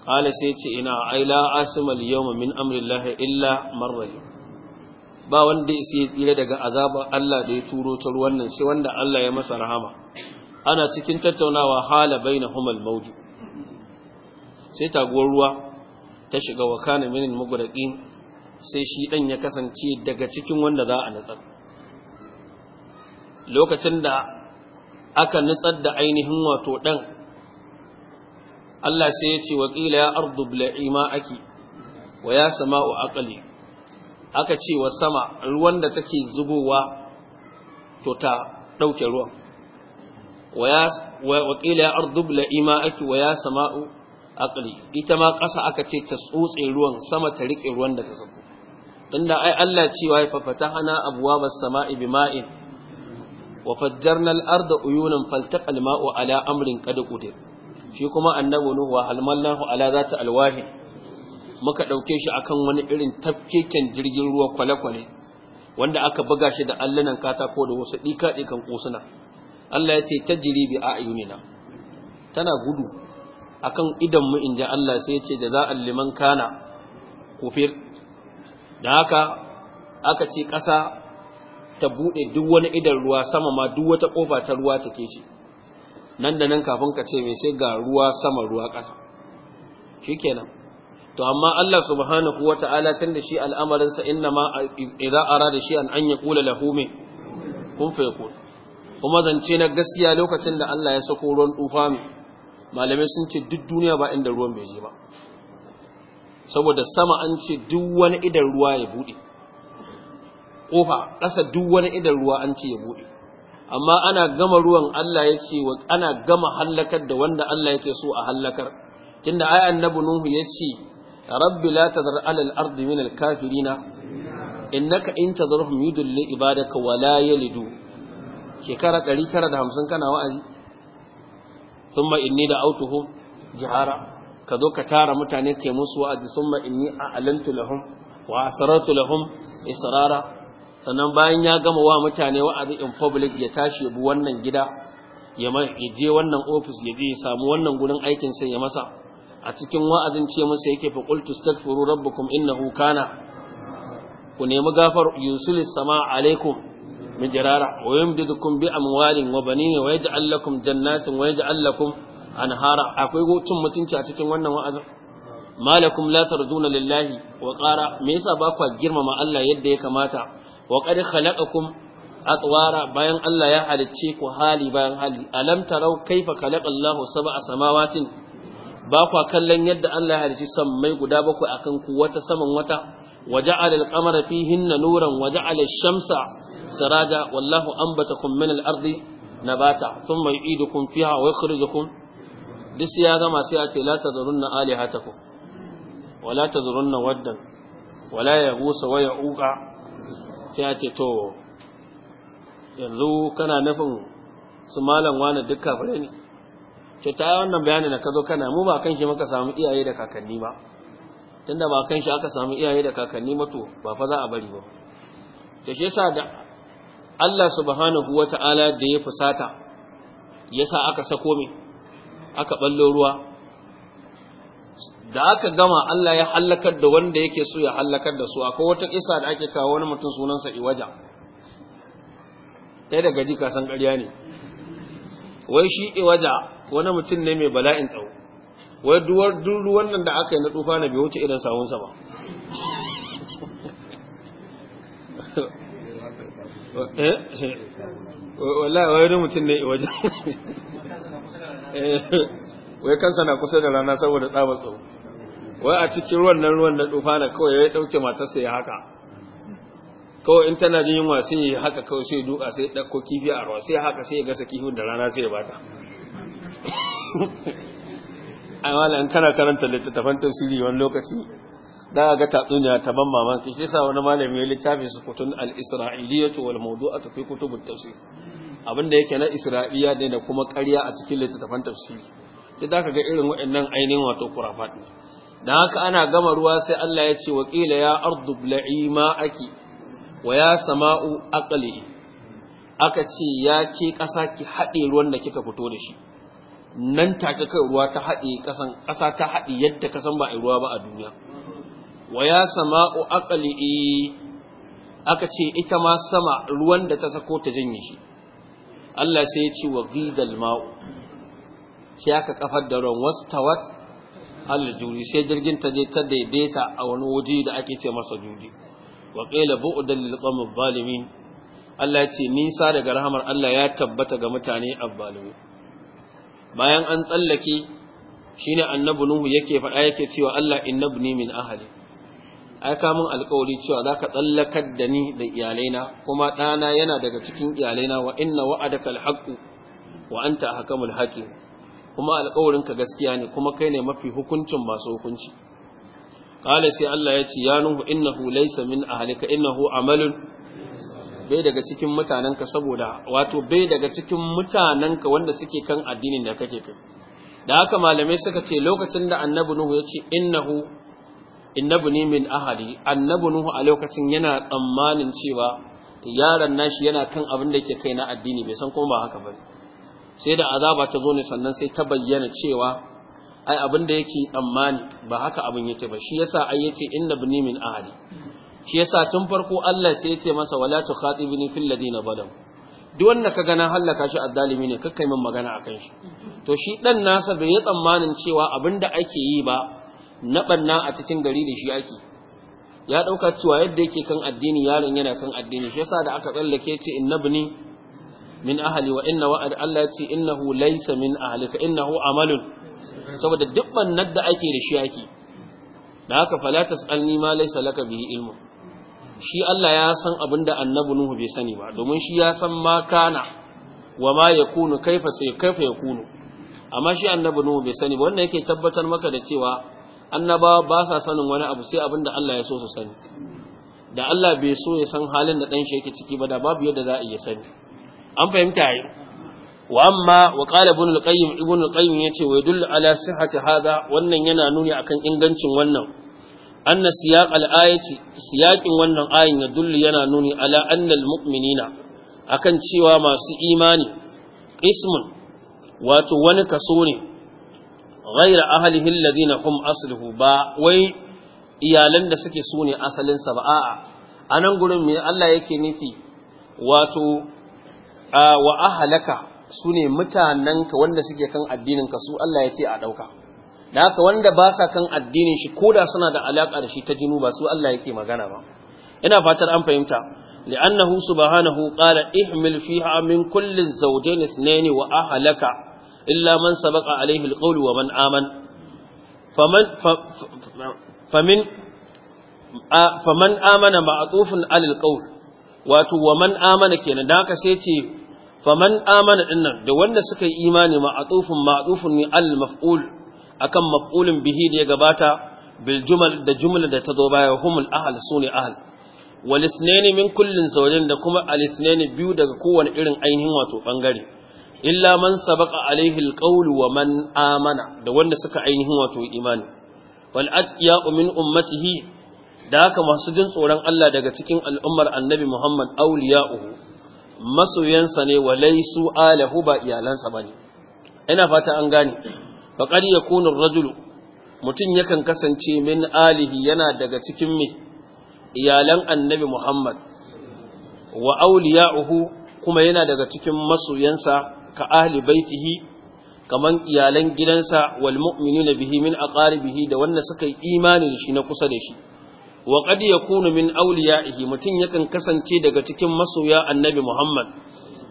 Kala sai ce ina ai la yawma min amri llahi illa man ba wanda ya sai tsira daga azabar Allah da ya turo ta ruwan nan sai wanda Allah ya masa rahama ana cikin tattaunawa hala bai na humal mauju sai taguwar ruwa ta shiga wa kana min mugraqin sai shi ɗan ya kasance daga cikin wanda za a lokacin da aka nutsar da ainihin wato ɗan Allah sai ya ce waƙila ya ardu bla'i ma'aki wa ya sama'u aqli aka ce wa sama ruwan da take zubowa to ta ɗauke ruwan waƙila ya ardu bla'i ma'aki wa ya sama'u aqli ita ma ƙasa aka ce ta tsotse ruwan sama ta riƙe ruwan da ta sako tunda ai Allah cewa ya fafata hana abuwa bas sama'i bima'in وفجرنا الأرض عيونا فالتقى الماء على أمر قد قدر shi kuma annabi nuhu wa halmallahu ala zati alwahi muka dauke shi akan wani irin tafkeken jirgin ruwa kwale-kwale wanda aka buga shi da allanan katako da wasu dika dikan kusuna Allah ya ce tajri bi ayunina tana gudu akan idan mu inda Allah sai ya ce da za liman kana kufir Da haka aka ce ƙasa ta buɗe duk wani idan ruwa sama ma duk wata ƙofa ta ruwa take shi nan da nan kafin ka ce mai sai ga ruwa sama ruwa ƙasa shikenan to amma Allah subhanahu ta'ala, tun da shi al'amarin sa inna ma idza arada shi an an kula lahu hume, kun fa yaqul kuma zance na gaskiya lokacin da Allah ya sako ruwan tufa mai malamai sun ce duk duniya ba inda ruwan bai je ba saboda sama an ce duk wani idan ruwa ya bude kofa ƙasa duk wani idan ruwa an ce ya bude amma ana gama ruwan Allah ya ce ana gama hallakar da wanda Allah yake so a hallakar tunda ai annabi nuhu ya ce rabbi la tadhar ala al-ardi min al-kafirina innaka in tadharhum yudillu ibadaka wa la yalidu shekara 950 kana wa'azi thumma inni da'awtuhum jihara ka zo ka tara mutane kai musu wa'azi thumma inni a'lantu lahum wa asrartu lahum israra sannan bayan ya gama wa mutane wa'azi in public ya tashi ya wannan gida ya je wannan office ya je ya samu wannan gurin aikin sai ya masa a cikin wa'azin ce masa yake fa qultu astaghfiru rabbakum innahu kana ku nemi gafar yusulis sama alaikum jarara wa yumdidukum bi amwalin wa banin wa yaj'al lakum jannatin wa yaj'al lakum anhara akwai gutun mutunci a cikin wannan wa'azin malakum la tarjuna lillahi wa qara me yasa ba ku girmama Allah yadda ya kamata wa qad khalaqakum atwara bayan Allah ya halicce ku hali bayan hali alam ra'u kaifa khalaqallahu sab'a samawatin ba kwa kallon yadda Allah ya san sammai guda bakwai akan ku wata saman wata waja'ala al fi fihinna nuran waje ash-shamsa saraja wallahu anbatakum min al-ardi nabata thumma yu'idukum fiha wa yukhrijukum duk ya gama sai a ce la tazurunna alihatakum wala tazurunna waddan wala gusa wa uka? ta ya ce to yanzu kana nufin su malam wani duk kafirai ne ce ta wannan bayani na ka zo kana mu ba kan shi muka samu iyaye da kakanni ba tunda ba kan shi aka samu iyaye da kakanni mato ba fa za a bari ba to shi yasa da Allah subhanahu wata'ala da ya fusata yasa aka sako me aka ballo ruwa da aka gama Allah ya hallakar da wanda yake so ya hallakar da su akwai wata kisa da ake kawo wani mutum sunansa iwaja ɗaya daga jika kasan ƙarya ne wai shi iwaja wani mutum ne mai bala'in tsawo wai duwar duru wannan da aka yi na tufa na bai wuce irin sawunsa ba eh? wallahi wani mutum ne iwaja eh. wai kansa na kusa da rana saboda tsawon tsawo wai a cikin ruwan nan ruwan na tufana kawai ya dauke matarsa ya haka kawai in tana jin yunwa sai ya haka kawai sai duka sai ya ɗauko kifi a ruwa sai ya haka sai ya gasa kifin da rana sai ya bata a an kana karanta littattafan tasiri wani lokaci da ga tatsuniya ta ban mamaki shi sa wani malami ya littafi su kutun al-isra'iliyatu wal a tafi kutubut tafsir abinda yake na isra'iliya ne da kuma karya a cikin littattafan tafsiri da ka ga irin waɗannan ainihin wato kurafat ne da haka ana gama ruwa sai Allah ya ce waƙila ya ardu bla'i ma'aki wa ya sama'u aqli aka ce ya ke ƙasa ki haɗe ruwan da kika fito da shi nan take kai ruwa ta haɗe ƙasan ƙasa ta haɗe yadda kasan ba a ruwa ba a duniya wa ya sama'u aqli aka ce ita ma sama ruwan da ta sako ta janye shi Allah sai ya ce wa gidal ma'u sai aka kafar da ruwan wastawat aljuri sai jirgin ta je ta daidaita a wani waje da ake ce masa juji wa qila bu'dan lil qawmi zalimin Allah ya ce nisa daga rahamar Allah ya tabbata ga mutane azzalimi bayan an tsallake shine annabi nuhu yake faɗa yake cewa Allah inna ibni min ahli ai ka mun alƙawari cewa zaka tsallakar da ni da iyalaina kuma ɗana yana daga cikin iyalaina wa inna wa'adaka alhaqqu wa anta ahkamul hakim kuma ka gaskiya ne kuma kai ne mafi hukuncin masu hukunci qala sai Allah ya ce ya nuhu innahu laysa min ahlika innahu amalun bai daga cikin ka saboda wato bai daga cikin ka wanda suke kan addinin da kake kai da haka malamai suka ce lokacin da annabi nuhu ya ce innahu innabu ne min ahali annabi nuhu a lokacin yana tsammanin cewa yaron nashi yana kan abin da yake kai na addini bai san kuma ba haka bane sai da azaba ta zo ne sannan sai ta bayyana cewa ai abin da yake tsammani ba haka abin yake ba shi yasa ai yace inna bani min ahli shi yasa tun farko Allah sai yace masa wala tukhatibni fil ladina zalam duk wanda ka gana hallaka shi addalimi ne kakkai min magana akan shi to shi dan nasa bai yi tsammanin cewa abin da ake yi ba na banna a cikin gari da shi ake ya dauka cewa yadda yake kan addini yaron yana kan addini shi yasa da aka tsallake ce inna bani min ahali wa inna wa'ad Allah ya ce innahu laysa min ahlika innahu amalun saboda duk bannan da ake da shi yake da haka fala tasalni ma laysa laka bihi ilmu shi Allah ya san abinda annabi Nuhu bai sani ba domin shi ya san ma kana wa ma yakunu kaifa sai kaifa yakunu amma shi annabi Nuhu bai sani ba wannan yake tabbatar maka da cewa annabawa ba sa sanin wani abu sai abinda Allah ya so su sani da Allah bai so ya san halin da dan shi yake ciki ba da babu yadda za a iya sani an fahimta yi wa amma wa qala ibn al-qayyim ibn al-qayyim yace wa yadullu ala sihhati hadha wannan yana nuni akan ingancin wannan anna siyaq al-ayati siyaqin wannan ayin yadullu yana nuni ala anna al-mu'minina akan cewa masu imani ismun wato wani kaso ne ghaira ahlihi alladhina hum asluhu ba wai iyalan da suke sune asalinsa ba a'a anan gurin me Allah yake nufi wato wa su sune mutanenka wanda suke kan addinin ka su Allah ya ce a ɗauka. da haka wanda ba sa kan addinin shi da suna da alaƙa da shi ta jinu ba su Allah yake magana ba ina fatar an fahimta لأنه سبحانه قال احمل فيها من كل الزوجين اثنين وأهلك إلا من سبق عليه القول ومن آمن فمن فمن faman amana ma'atufin alil qaul wato wa man amana kenan da haka sai ce faman amana nan, da wanda suka yi imani ma'atufun ma'atufun ne al-maf'ul akan maf'ulin bihi da ya gabata bil jumal da jumla da ta zo baya humul ahl sune ahl wal isnaini min kullin zawjin da kuma al isnaini biyu daga kowane irin ainihin wato bangare illa man sabaqa alaihi al-qawl wa man amana da wanda suka ainihin wato imani wal atqiya min ummatihi da haka masu jin tsoron Allah daga cikin al'ummar annabi Muhammad auliya'uhu masoyansa ne walai su alahu ba iyalansa ba ne ina fata an gane faƙar ya kunin rajulu mutum yakan kasance min alihi yana daga cikin mai iyalan annabi muhammad wa auliya'uhu kuma yana daga cikin masoyansa ka ahli baitihi kaman iyalan gidansa wal mu'minuna bihi min aqaribihi da wanda suka yi imani da shi na kusa da shi wa qad yakunu min awliya'ihi mutun yakan kasance daga cikin masoya annabi Muhammad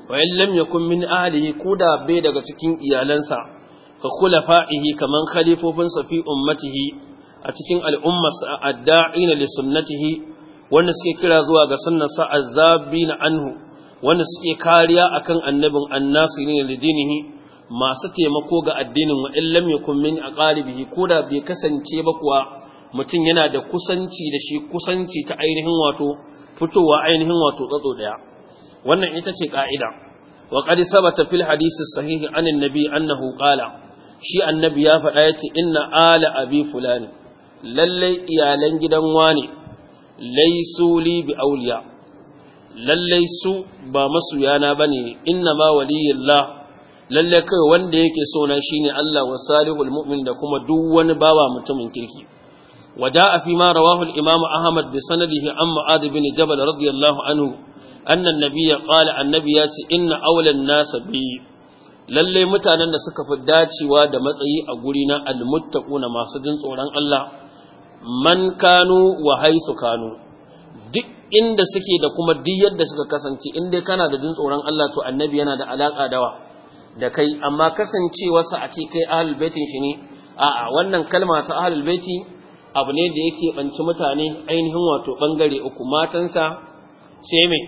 wa in lam yakun min ahlihi kuda bai daga cikin iyalansa ka khulafa'ihi kaman khalifofin sa fi ummatihi a cikin al'ummar sa adda'ina li sunnatihi wanda suke kira zuwa ga sunnar sa azabina anhu wanda suke kariya akan annabin na lidinihi masu taimako ga addinin wa in lam yakun min aqalibihi koda bai kasance ba kuwa mutum yana da kusanci da shi kusanci ta ainihin wato fitowa ainihin wato tsatso daya wannan ita ce ka'ida wa qad sabata fil hadisi sahihi anin nabi annahu qala shi annabi ya faɗa yace inna ala abi fulani lallai iyalan gidan wani laisu li bi auliya lallai su ba masuyana bane inna ma waliyullah Lallai kai wanda yake sona na shine Allah wa salihul mu'min da kuma duk wani bawa mutumin kirki وجاء فيما رواه الإمام أحمد بسنده عن معاذ بن جبل رضي الله عنه أن النبي قال النبي ياتي إن أولى الناس بي lalle mutanen da suka fi dacewa da matsayi a guri gurina almuttaquna masu jin tsoron Allah man kanu wa haisu kanu duk inda suke da kuma duk yadda suka kasance in dai kana da jin tsoron Allah to annabi yana da alaka dawa da kai amma kasancewarsa a ce kai ahlul baitin shi ne a'a wannan kalma ta ahlul baiti abu ne da yake ɓanci mutane ainihin wato bangare uku matansa sai mai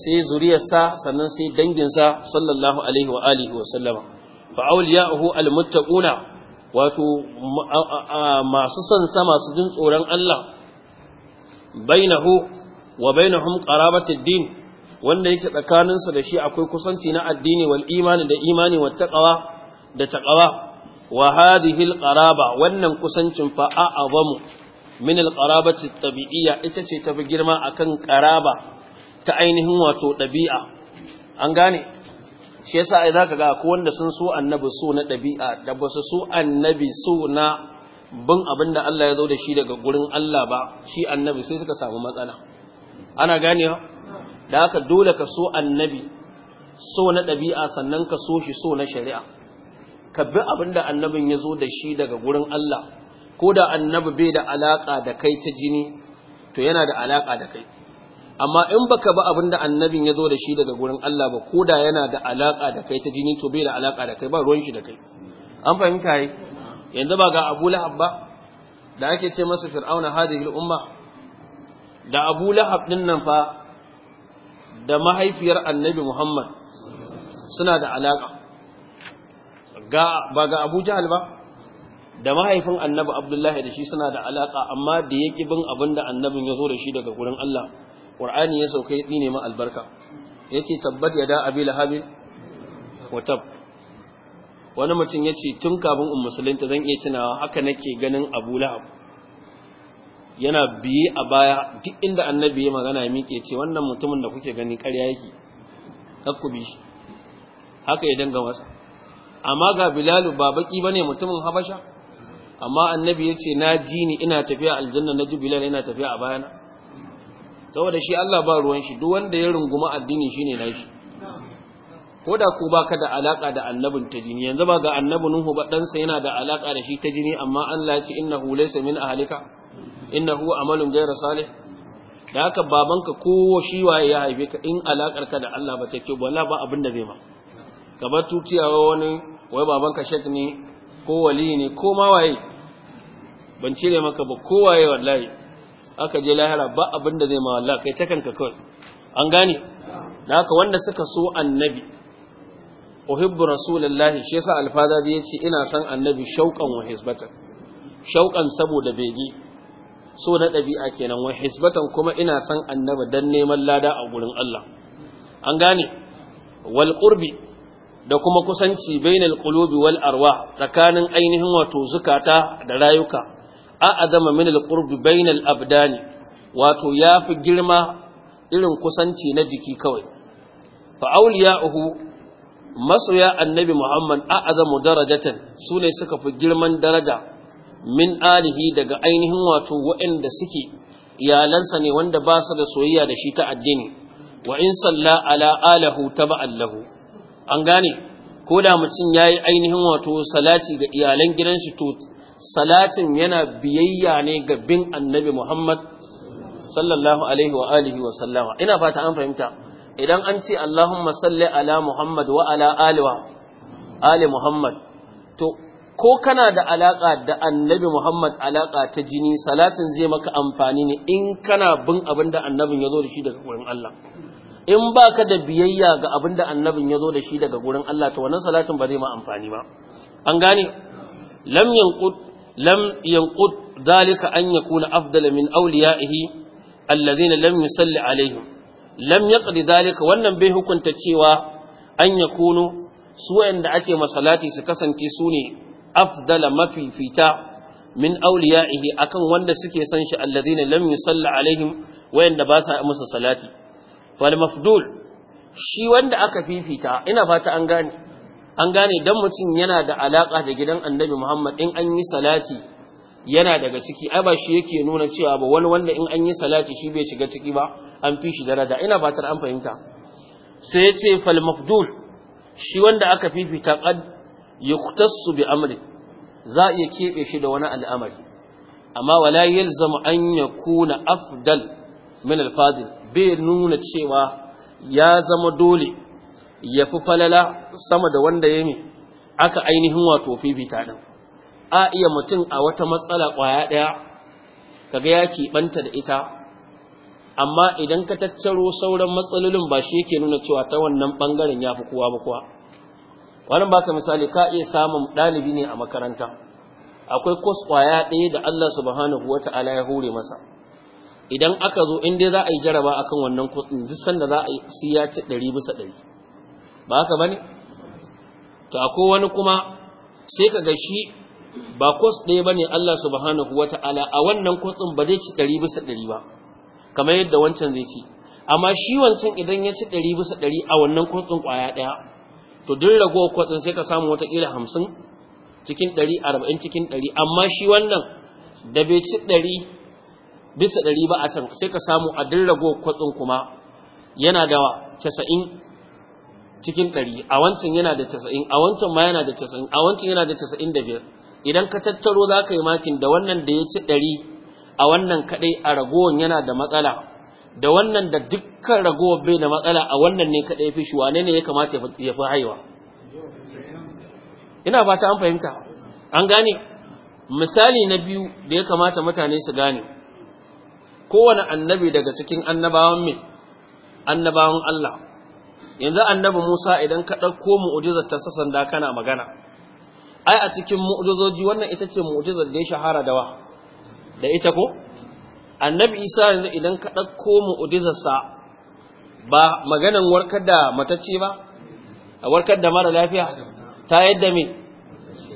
sai zuriyarsa sannan sai danginsa sallallahu alaihi wa alihi wa sallama fa awliya'uhu almuttaquna wato masu son sa masu jin tsoron Allah bainahu wa bainahum ƙarabatar din wanda yake tsakaninsa da shi akwai kusanci na addini wal imani da imani wata taqwa da taqwa wa hadhihi alqaraba wannan kusancin fa abamu min alqarabati at-tabi'iyya ita ce tafi girma akan qaraba ta ainihin wato dabi'a an gane shi yasa ai zaka ga ko wanda sun so annabi so na dabi'a da ba su so annabi so na bin abinda Allah ya zo da shi daga gurin Allah ba shi annabi sai suka samu matsala ana ha da haka dole ka so annabi so na ɗabi'a sannan ka so shi so na shari'a ka bi abin da annabin ya zo da shi daga gurin Allah ko da annabi bai da alaƙa da kai ta jini to yana da alaƙa da kai amma in baka ba abin da annabin ya zo da shi daga gurin Allah ba ko da yana da alaƙa da kai ta jini to bai da alaƙa da kai ba ruwan shi da kai an fahimta yi yanzu ba ga Abu Lahab ba da ake ce masa Fir'auna hadihil umma da Abu Lahab din nan fa da mahaifiyar Annabi Muhammad suna da alaƙa ga ba ga Abu Jahal ba da mahaifin annabi Abdullahi da shi suna da alaka amma da ya ƙi bin abin da annabin ya zo da shi daga gurin Allah Qur'ani ya sauka ya ɗine ma albarka ce tabbat ya abi lahab wa wani mutum ya ce tun kafin in musulunta zan iya tunawa haka nake ganin Abu Lahab yana biye a baya duk inda annabi ya magana ya miƙe ce wannan mutumin da kuke gani ƙarya yake bi shi haka ya ga masa amma ga bilalu ba baki bane mutumin habasha amma annabi ya ce na ji ni ina tafiya aljanna na ji bilal ina tafiya a bayana saboda shi Allah ba ruwan shi duk wanda ya runguma addini shine nashi ko da ku baka da alaka da annabin ta jini yanzu ba ga annabi nuhu ba dansa yana da alaka da shi ta jini amma Allah ya ce innahu laysa min ahlika innahu amalun ghayra salih da haka babanka ko shi waye ya haife ka in alakar ka da Allah ba ta ce wallahi ba abin da zai ba kamar tutiyawa wani wai babanka shek ne ko wali ne ko ma waye ban cire maka ba ko waye wallahi aka je lahira ba abin da zai ma wallahi kai ta kanka kawai an gane da haka wanda suka so annabi uhibbu rasulullahi shi yasa alfada bi yace ina san annabi shauqan wa hisbatan shauqan saboda bege so na dabi'a kenan wa hisbatan kuma ina san annabi dan neman lada a gurin Allah an gane wal qurbi da kuma kusanci bainal qulubi wal arwah tsakanin ainihin wato zukata da rayuka a adama min al qurbi bainal abdani wato yafi girma irin kusanci na jiki kawai fa awliya'uhu masoya annabi muhammad a azamu darajatan sune suka fi girman daraja min alihi daga ainihin wato waɗanda suke iyalansa ne wanda ba su da soyayya da shi ta addini wa in salla ala alahu taba'allahu an gane ko da mutum ya yi ainihin wato salati ga iyalan gidan shi to salatin yana biyayya ne ga bin annabi muhammad sallallahu alaihi wa alihi wa sallama ina fata an fahimta idan an ce allahumma salli ala muhammad wa ala aliwa ali muhammad to ko kana da alaka da annabi muhammad alaka ta jini salatin zai maka amfani ne in kana bin abin da annabin ya zo da shi daga wurin allah in baka da biyayya ga abin da annabin ya zo da shi daga gurin Allah ta wannan salatin ba zai ma amfani ba an gane lam yanqud lam yanqud dalika an yakuna afdala min awliyaihi alladhina lam yusalli alaihim lam yaqdi dalika wannan bai hukunta cewa an yakunu su wanda ake masalati su kasance su ne afdala mafifita min awliyaihi akan wanda suke san shi alladhina lam yusalli alaihim wayanda ba sa musu salati wal shi wanda aka fifita ina fata an gane an gane dan mutum yana da alaka da gidan annabi Muhammad in an yi salati yana daga ciki ai ba shi yake nuna cewa ba wani wanda in an yi salati shi bai shiga ciki ba an fi shi daraja ina fatar an fahimta sai ya ce fal mafdul shi wanda aka fifita qad yuktassu bi amri za a iya keɓe shi da wani al'amari amma wala yalzamu an yakuna afdal min al-fadil bai nuna cewa ya zama dole ya fi falala sama da wanda ya mi aka ainihin wato fifita ɗin a iya mutum a wata matsala ƙwaya ɗaya ga ya keɓanta da ita amma idan ka tattaro sauran matsalolin ba shi yake nuna cewa ta wannan ɓangaren ya fi kowa ba kowa wannan baka misali ka iya samun ɗalibi ne a makaranta akwai kwas ƙwaya ɗaya da Allah subhanahu wata'ala ya hore masa idan aka zo in dai za a yi jaraba akan wannan kudin duk sanda za a yi siya ci ɗari bisa ɗari, ba haka bane to akwai wani kuma sai ga shi ba kos ɗaya ne Allah subhanahu Ta'ala a wannan kudin ba zai ci ɗari bisa ɗari ba kamar yadda wancan zai ci amma shi wancan idan ya ci ɗari bisa ɗari a wannan kudin kwaya ɗaya, to duk ragowar kudin sai ka samu wata hamsin cikin cikin arba'in cikin ɗari, amma shi wannan da bai ci ɗari. bisa ɗari ba a can sai ka samu a duk rago kwatsun kuma yana da casa'in cikin ɗari a wancan yana da casa'in a wancan ma yana da casa'in a wancan yana da casa'in da biyar idan ka tattaro za ka yi makin da wannan da ya ci ɗari a wannan kaɗai a ragowar yana da matsala da wannan da dukkan ragowar bai da matsala a wannan ne kaɗai fi shi wane ne ya kamata ya fi haihuwa. ina fata an fahimta an gane misali na biyu da ya kamata mutane su gane kowane annabi daga cikin annabawan mai annabawan Allah yanzu annabi Musa idan ka ɗauko mu'ujizar ta sanda kana magana ai a cikin mu'ujizoji wannan ita ce mu'ujizar da ya shahara dawa da ita ko annabi Isa yanzu idan ka ɗauko sa ba maganan warkar da matacce ba a warkar da mara lafiya ta yadda me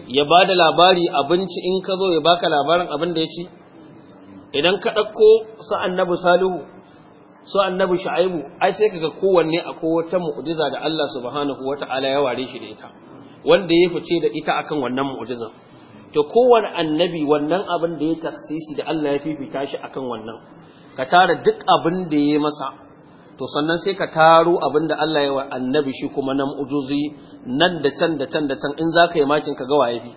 ya ba da labari abinci in ka zo ya baka labarin abin da ya ci idan ka ɗauko su annabi salihu su annabi shu'aibu ai sai kaga kowanne a wata mu'jiza da Allah subhanahu Ta'ala ya ware shi da ita wanda ya fice da ita akan wannan mu'jizan to kowanne annabi wannan abin da ya tafsisi da Allah ya fifita shi akan wannan ka tara duk abin da ya masa to sannan sai ka taro abin da Allah ya wa annabi shi kuma na mu'jizi nan da can da can da can in zaka yi makin ka ga waye fi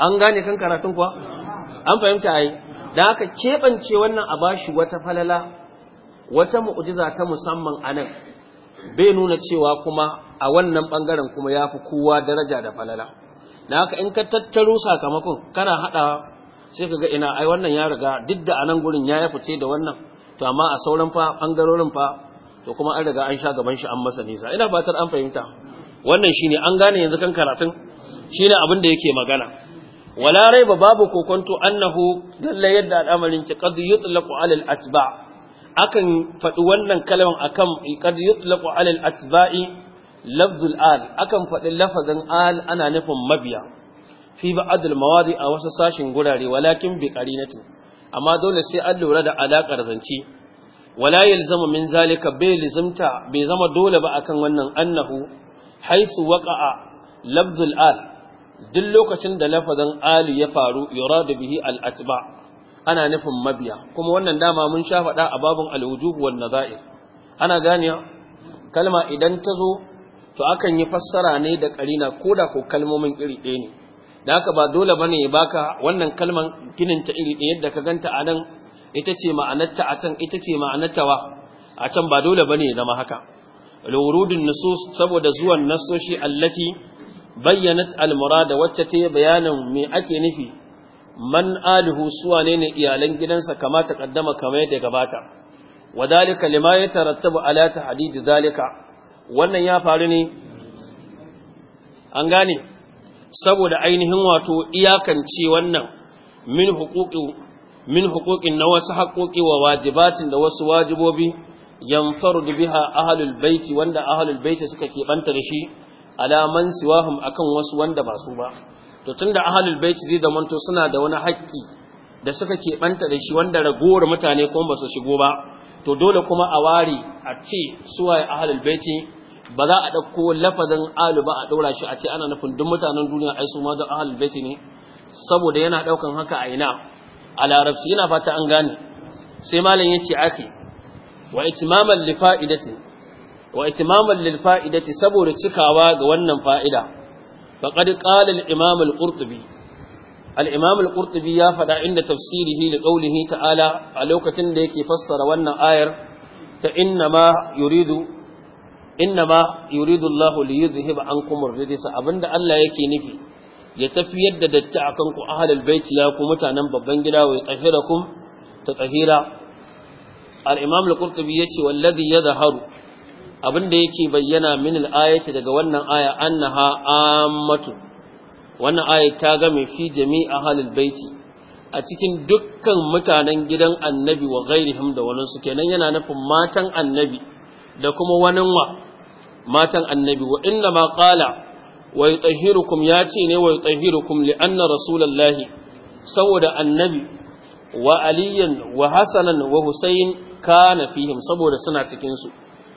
an gane kan karatun kuwa an fahimta ai dan haka kebance wannan a bashi wata falala wata mu'jiza ta musamman anan bai nuna cewa kuma a wannan bangaren kuma yafi kowa daraja da falala dan haka in ka tattaro sakamakon kana hada sai ka ga ina ai wannan ya riga duk da anan gurin ya fice da wannan to amma a sauran fa bangarorin fa to kuma an riga an sha gaban shi an masa nisa ina fatar an fahimta wannan shine an gane yanzu kan karatun shine abin da yake magana wala ba babu kokonto annahu dalla yadda al'amarin ki qad yutlaqu ala al-atba akan faɗi wannan kalman akan qad yutlaqu ala al-atba'i lafzul al akan faɗi lafazin al ana nufin mabiya fi ba'd al a wasu sashin gurare walakin bi qarinati amma dole sai an lura da alakar zance wala yalzamu min zalika bai lizimta bai zama dole ba akan wannan annahu haythu waqa'a lafzul al duk lokacin da lafazin ali ya faru yuradu bihi al-atba ana nufin mabiya kuma wannan dama mun sha faɗa a babun al-wujub wan ana gane kalma idan ta zo to akan yi fassara ne da karina koda ko kalmomin iri ɗaya ne da haka ba dole bane ya baka wannan kalman ginin ta iri ɗaya da ka ganta a nan ita ce ma'anarta a can ita ce ma'anarta wa a can ba dole bane ya zama haka lurudun nusus saboda zuwan nasoshi allati bayyanat al-murada wacce ta bayanin me ake nufi man alihu suwa ne ne iyalan gidansa kamata kaddama kamar yadda gabata wadalika lima ya tarattabu ala tahdid zalika wannan ya faru ne an gane saboda ainihin wato iyakance wannan min huquqi min huquqin na wasu haƙoƙi wa wajibatin da wasu wajibobi yanfaru biha ahlul baiti wanda ahlul baiti suka keɓanta da shi alaman siwahum akan wasu wanda ba su ba to tunda ahlul bait zai da manto suna da wani haƙƙi da suka ke keɓanta da shi wanda ragowar mutane kuma ba su shigo ba to dole kuma a ware a ce suwaye ahlul bait ba za a ɗauko lafazin alu ba a ɗaura shi a ce ana nufin duk mutanen duniya ai su ma da ahlul bait ne saboda yana ɗaukan haka a ina a larabci yana fata an gane sai malam yace ce ake wa itimaman lifa'idatin wa itimaman fa'ida ce saboda cikawa ga wannan fa'ida faqad qala al imam qurtubi al qurtubi ya faɗa inda tafsirihi da qawlihi ta'ala a lokacin da yake fassara wannan ayar ta inna ma yuridu inna ma yuridu Allah li yuzhiba ankum abinda Allah yake nufi ya tafiyar da datti akan ku ahlul baiti ya ku mutanen babban gida wa tahirakum ta tahira al imam al qurtubi yace wallazi zaharu? abin da yake bayyana min al-ayati daga wannan aya annaha ammatu wannan aya ta game fi jami'a halin baiti a cikin dukkan mutanen gidan annabi wa ghairihim da wani su kenan yana nufin matan annabi da kuma wani wa matan annabi wa inna ma qala wa yutahhirukum ya ce ne wa yutahhirukum li anna rasulullahi saboda annabi wa aliyan wa hasanan wa husayn kana fihim saboda suna cikin su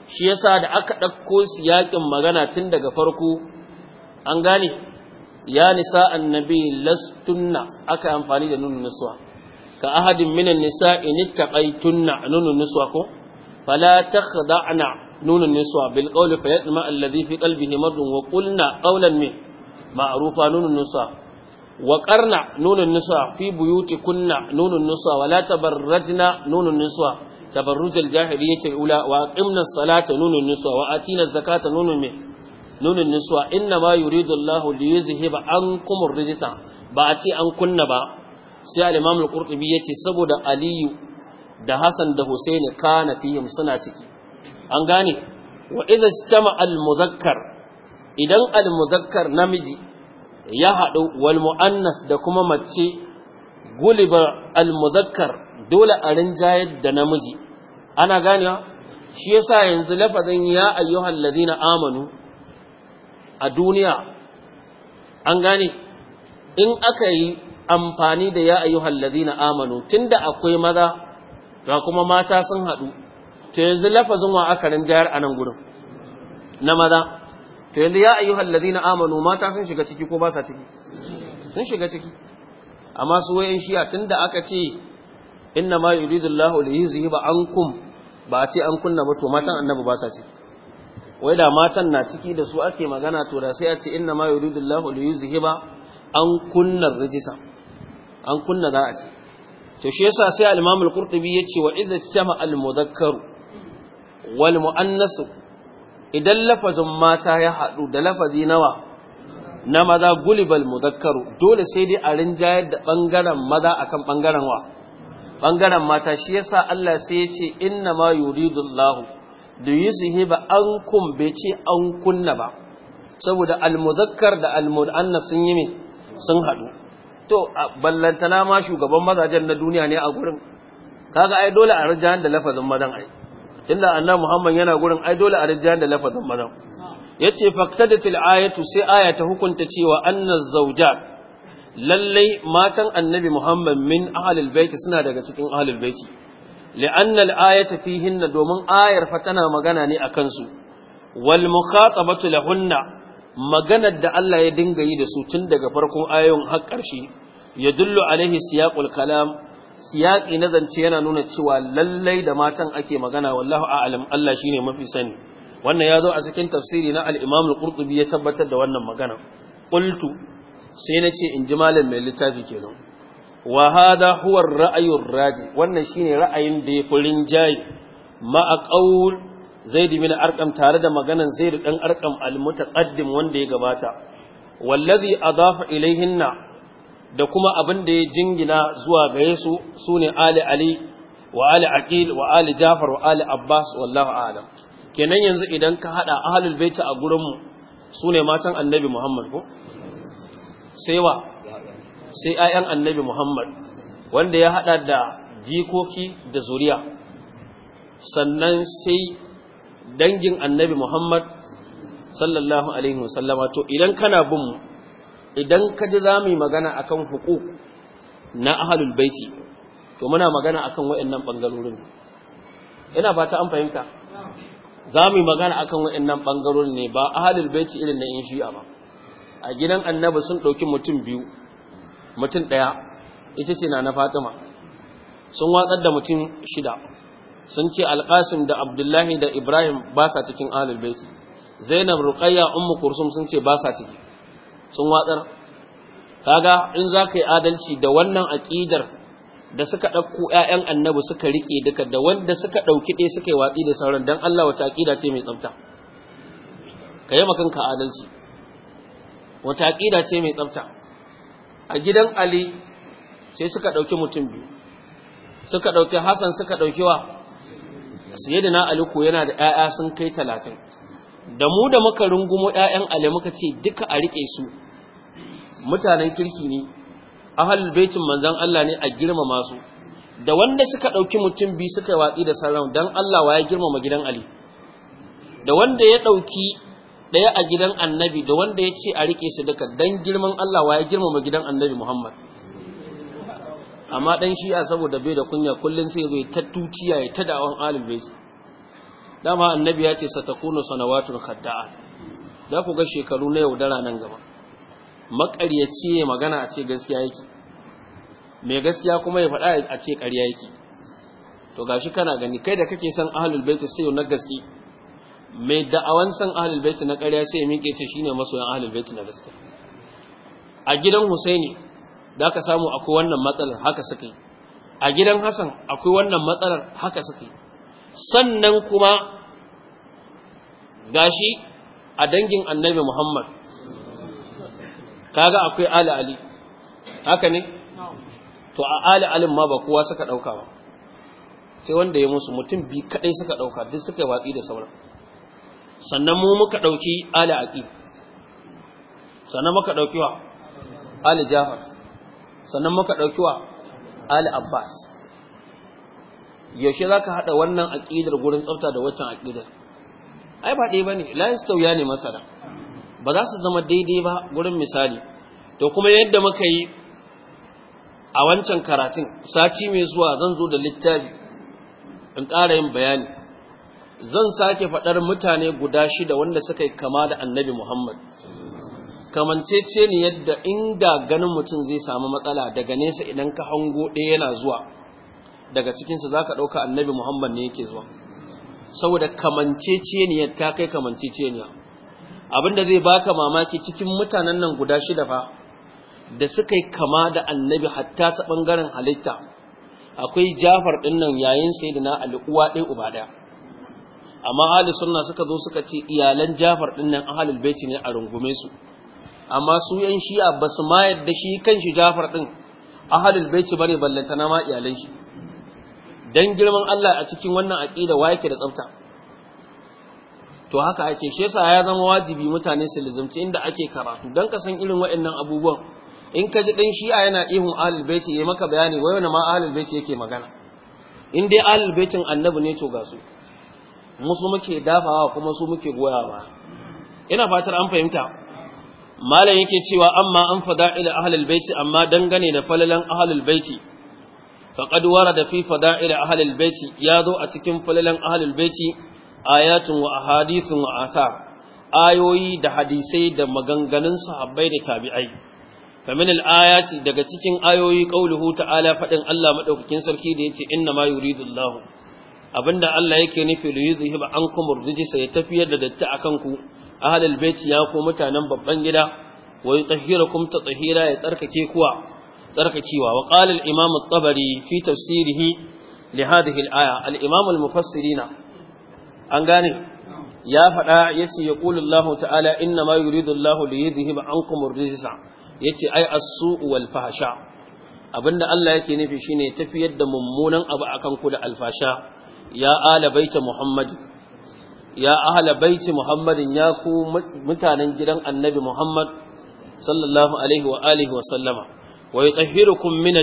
shi yasa da aka ɗauko yaƙin magana tun daga farko an gane ya nisa annabi lastunna aka amfani da nunu nuswa ka ahadin minan nisa inittaqaytunna nunu nuswa ko fala ta takhda'na nunu nuswa bil qawli fayatma alladhi fi qalbihi madun wa qulna qawlan min ma'rufa nunu nuswa وقرنا نون النسوة في بيوتكن نون النسوة ولا تبرجنا نون النسوة تبرج الجاهلية الأولى وأقمنا الصلاة نون النسوة وآتينا الزكاة نون من نون النسوة إنما يريد الله ليذهب عنكم الرجس بأتي أن كنا با سيا الإمام القرطبي يتي سبود علي ده حسن ده حسين كان فيهم سناتك أنغاني وإذا اجتمع المذكر إذا المذكر نمجي يهدو والمؤنث ده كما متي غلب المذكر dole a rinjayar da namiji ana gani shi yasa yanzu lafazin ya ayyuhal ladina amanu a duniya an gane in aka yi amfani da ya ayyuhal ladina amanu tunda akwai maza ga kuma mata sun haɗu to yanzu lafazin wa aka ran jayar anan gurin na maza to yanzu ya ayyuhal ladina amanu mata sun shiga ciki ko ba sa ciki sun shiga ciki amma su wayan shiya tunda aka ce inna ma li yuzhiba ankum ba a ce an kunna ba to matan annabi ba sa ciki wai da matan na ciki da su ake magana to da sai a ce inna ma yuridullahu li yuzhiba an kunna rijisa an kunna za a ce to shi yasa sai al-imam al-qurtubi yace wa idza tama al-mudhakkaru wal muannas idan lafazin mata ya hadu da lafazi nawa na maza gulibal mudhakkaru dole sai dai a rinjayar da bangaren maza akan bangaren wa bangaren mata shi yasa Allah sai ya ce inna ma yuridullahu da yuzhiba ankum bai ce an kunna ba saboda almuzakkar da almuannas sun yi min sun hadu to ballantana ma shugaban mazajen na duniya ne a gurin kaga ai dole a rajahan da lafazin madan ai tunda annabi Muhammad yana gurin ai dole a rajahan da lafazin madan yace faqtadatil ayatu sai aya ta hukunta cewa annaz zawjat lallai matan annabi Muhammad min ahlul baiti suna daga cikin ahlul baiti li'anna al-ayata fihinna domin ayar fa tana magana ne akan su wal mukhatabatu lahunna maganar da Allah ya dinga yi da su tun daga farkon ayoyin har ƙarshe yadullu alaihi siyaqul kalam siyaqi na zance yana nuna cewa lallai da matan ake magana wallahu a'lam Allah shine mafi sani wannan ya zo a cikin tafsiri na al-Imam al-Qurtubi ya tabbatar da wannan magana qultu sai na ce in ji malam mai littafi kenan wa hada huwa ra'ayur raji wannan shine ra'ayin da ya fi rinjaye ma a qaul zaid bin tare da maganan da ɗan arƙam al mutaqaddim wanda ya gabata wallazi adafa ilaihinna da kuma abin da ya jingina zuwa gare su sune ali ali wa ali aqil wa ali jafar wa ali abbas wallahu a'lam kenan yanzu idan ka hada ahlul bait a gurin mu sune matan annabi muhammad ko sai wa sai ayan annabi muhammad wanda ya hada da jikoki da zuriya sannan sai dangin annabi muhammad sallallahu alaihi wasallama to idan kana bin mu idan ka ji za mu yi magana akan hukuk na ahalul baiti to muna magana akan nan bangarorin ina ba ta an fahimta za mu yi magana akan nan bangarorin ne ba ahalul baiti irin na in shi'a ba a gidan annabi sun ɗauki mutum biyu mutum ɗaya ita ce na na fatima sun watsar da mutum shida sun ce alƙasim da abdullahi da ibrahim ba sa cikin ahlul baiti zainab ruqayya ummu kursum sun ce ba sa ciki sun watsar kaga in za ka yi adalci da wannan aƙidar da suka ɗauko ƴaƴan annabi suka riƙe duka da wanda suka ɗauki ɗaya suka yi watsi da sauran dan Allah wata aƙida ce mai tsafta ka yi makanka adalci wata aqida ce mai tsafta a gidan ali sai suka ɗauki mutum biyu suka dauki hasan suka dauki wa sayyidina ali ko yana da 'ya'ya sun kai 30 da mu da muka rungumo 'ya'yan ali muka ce duka a riƙe su mutanen kirki ne ahlul baitin manzon Allah ne a girmama su da wanda suka dauki mutum biyu suka yi watsi da sarrafa dan Allah wa ya girmama gidan ali da wanda ya ɗauki. ɗaya a gidan annabi da wanda ya ce a rike su duka dan girman Allah wa ya girmama gidan annabi Muhammad amma dan shi'a saboda bai da kunya kullun sai zai ta tuciya ya ta da'awan alim bai dama annabi ya ce satakunu sanawatun khadda'a da ku ga shekaru na yaudara nan gaba makaryaci ya magana a ce gaskiya yake mai gaskiya kuma ya faɗa a ce ƙarya yake to gashi kana gani kai da kake san ahlul bait sai na gaskiya mai da'awan san ahlul bait na ƙarya sai ya miƙe ce shine masoyan ahlul bait na gaske a gidan husaini da aka samu akwai wannan matsalar haka suka yi a gidan hassan akwai wannan matsalar haka suka yi sannan kuma gashi a dangin annabi muhammad kaga akwai ali ali haka ne to a ali alin ma ba kowa suka ɗauka ba sai wanda ya musu mutum bi kadai suka ɗauka duk suka yi watsi da sauran sannan mu muka ɗauki ali aƙi sannan muka ɗauki wa ali jafar sannan muka ɗauki wa ali abbas yaushe za ka haɗa wannan aƙidar gurin tsafta da waccan aƙidar ai ba ɗaya ba ne layin stauya ne masara. ba za su zama daidai ba gurin misali to kuma yadda muka yi a wancan karatun sati mai zuwa zan zo da littafi in ƙara yin bayani zan sake faɗar mutane guda shida wanda suka yi kama da annabi Muhammad. ce ni yadda inda ganin mutum zai samu matsala daga nesa idan ka hango ɗaya yana zuwa, daga cikinsa za ka ɗauka annabi Muhammad ne yake zuwa. Saboda kamanceceniyar ta kai abin Abinda zai baka mamaki cikin mutanen nan guda shida fa, da suka yi kama da annabi hatta ta ɓangaren halitta, akwai jafar ɗin nan yayin sai da na al'uwa ɗaya uba ɗaya. amma ahli sunna suka zo suka ce iyalan Jafar din nan ahlul baiti ne a rungume su amma su yan shi'a ba su ma yadda shi kanshi Jafar din ahlul baiti bane ballanta na ma iyalan shi dan girman Allah a cikin wannan aqida wa yake da tsafta to haka ake shi yasa ya zama wajibi mutane su lizumci inda ake karatu dan ka san irin waɗannan abubuwan in ka ji dan shi'a yana ihun ahlul baiti yayi maka bayani wai wani ma ahlul baiti yake magana in dai ahlul baitin annabi ne to ga su musu muke dafawa kuma su muke goyawa ina fatar an fahimta malam yake cewa amma an fada'il ahlul baiti amma dangane da falalan ahlul baiti faqad warada fi fada'il ahlul baiti yazo a cikin falalan ahlul baiti ayatun wa ahadithun wa athar ayoyi da hadisai da maganganun sahabbai da tabi'ai al-ayati daga cikin ayoyi qauluhu ta'ala fadin Allah madaukakin sarki da yace inna ma Allahu." abinda Allah yake nufi li yuzhib ankum rijsa ya tafiyar da datti akan ku ahlul bait ya ko mutanen babban gida wa yutahhirukum tsahira ya tsarkake kuwa tsarkakewa wa qala al imam at-tabari fi tafsirihi li hadhihi al aya al imam al mufassirina an gane ya faɗa yace yaqulu Allah ta'ala inna ma yuridu Allah li yuzhib ankum rijsa yace ai as wal fahsha abinda Allah yake nufi shine tafiyar da mummunan abu akan ku da alfasha ya ala baita muhammadin ya ahla baita muhammadin ya ku mutanen gidan annabi muhammad sallallahu alaihi wa alihi wa sallama wa yutahhirukum min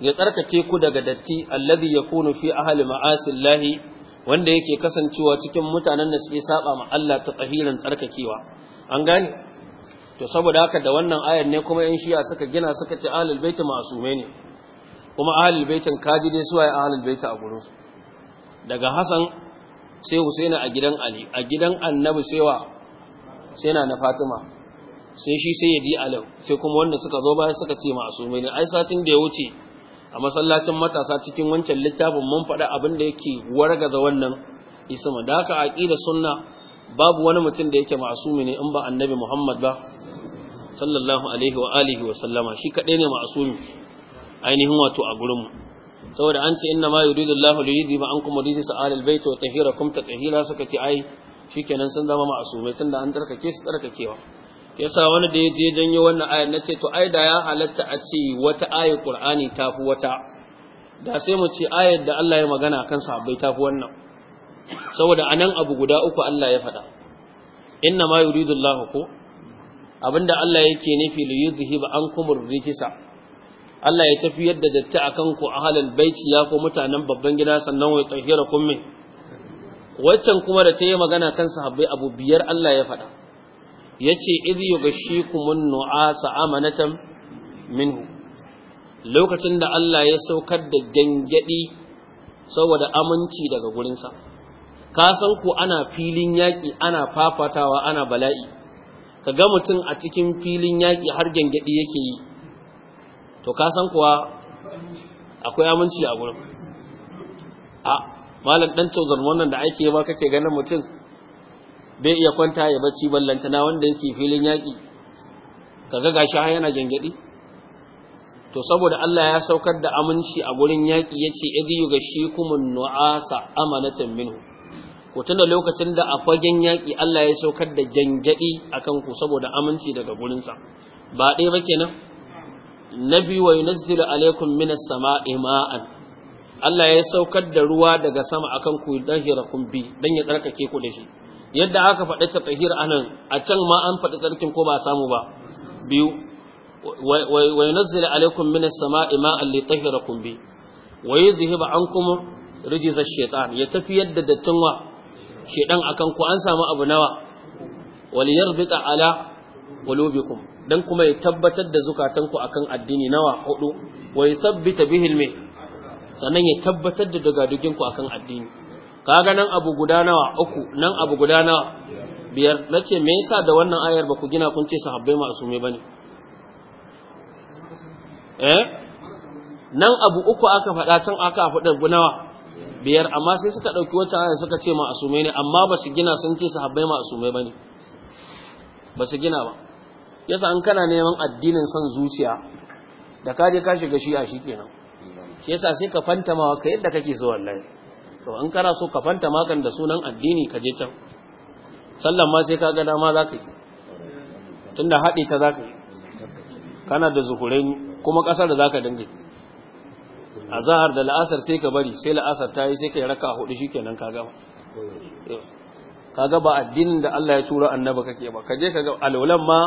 ya tsarkake ku daga datti alladhi yakunu fi ma'asin lahi, wanda yake kasancewa cikin mutanen da suke saba ma Allah ta tahiran tsarkakewa an gane to saboda haka da wannan ayar ne kuma yan shi'a suka gina suka ce ahlul baiti masume ne kuma ahlul baitin kaji dai suwaye ahlul baiti a gurinsu? daga Hassan sai Husaina a gidan Ali a gidan Annabi sai wa sai na Fatima sai shi sai yaji sai kuma wanda suka zo baya suka ce ma'asumai ne ai satin da ya wuce a masallacin matasa cikin wancan littafin mun faɗa abin da yake wargaza wannan isma da haka aqida sunna babu wani mutum da yake ma'asumi ne in ba Annabi Muhammad ba sallallahu alaihi wa alihi wa sallama shi kadai ne ma'asumi ainihin wato a gurin mu saboda an ce inna ma yuridu Allahu li ba ankum rijsa ahlil bayt wa tahirakum tatahira suka ce ai shikenan sun zama ma'asumai tunda an tarkake su tarkakewa yasa wani da yaje janyo wannan ayar nace to ai da ya halatta a ce wata ayar Qur'ani fi wata da sai mu ce ayar da Allah ya magana kan sahabbai fi wannan saboda anan abu guda uku Allah ya faɗa inna ma yuridu Allahu ko abinda Allah yake nufi li ba ankum rijsa Allah ya tafiyar da datti akan ku a baici ya ko mutanen babban gida sannan wai tahira kun min waccan kuma da ta yi magana kan sahabbai abu biyar Allah ya faɗa yace idh yughashikumun nu'asa amanatan minhu lokacin da Allah ya saukar da gangadi saboda aminci daga gurinsa ka san ku ana filin yaƙi ana fafatawa ana bala'i ka ga mutum a cikin filin yaƙi har gangadi yake yi to ka san kuwa akwai aminci a gurin a malam dan tozar wannan da ake ba kake ganin mutum bai iya kwanta ya bacci ballanta na wanda yake filin yaki kaga gashi har yana gengedi to saboda Allah ya saukar da aminci a gurin yaki yace idiyu ga shi kumun nu'asa amanatan minhu ko tunda lokacin da a fagen yaki Allah ya saukar da gengedi akan ku saboda aminci daga gurinsa ba ɗaya ba kenan nabi wa yunzilu alaikum minas sama'i ma'an Allah ya saukar da ruwa daga sama akan ku dahirakum bi dan ya tsarkake ku da shi yadda aka faɗa ta tahir anan a can ma an faɗi tsarkin ko ba samu ba biyu wa yunzilu alaikum minas sama'i ma'an li tahirakum bi wa yuzhiba ankum rijza ash-shaytan ya tafiyar da dattin shedan akan ku an samu abu nawa wal yarbita ala qulubikum dan kuma ya tabbatar da zukatanku akan addini nawa hudu wa yusabbita bihil al sannan ya tabbatar da dagaduginku akan addini kaga nan abu guda nawa uku nan abu guda nawa biyar nace me yasa da wannan ayar ba ku gina kun ce sahabbai ma'asume bane eh nan abu uku aka faɗa can aka faɗa nawa biyar amma sai suka ɗauki wata ayar suka ce ma'asume ne amma ba su gina sun ce sahabbai ba bane ba su gina ba yasa an kana neman addinin son zuciya da ka je ka shiga shi shikenan shi yasa sai ka fanta ma ka yadda kake so wallahi to an kana so ka fanta ma kan da sunan addini ka je can sallan ma sai ka ga dama za ka yi tunda haɗe ta za ka yi kana da zuhurai kuma ƙasar da za ka dinga a zahar da la'asar sai ka bari sai la'asar ta yi sai ka yi raka hudu shi kenan ka gama kaga ba addinin da Allah ya tura annaba kake ba kaje kaga alwalan ma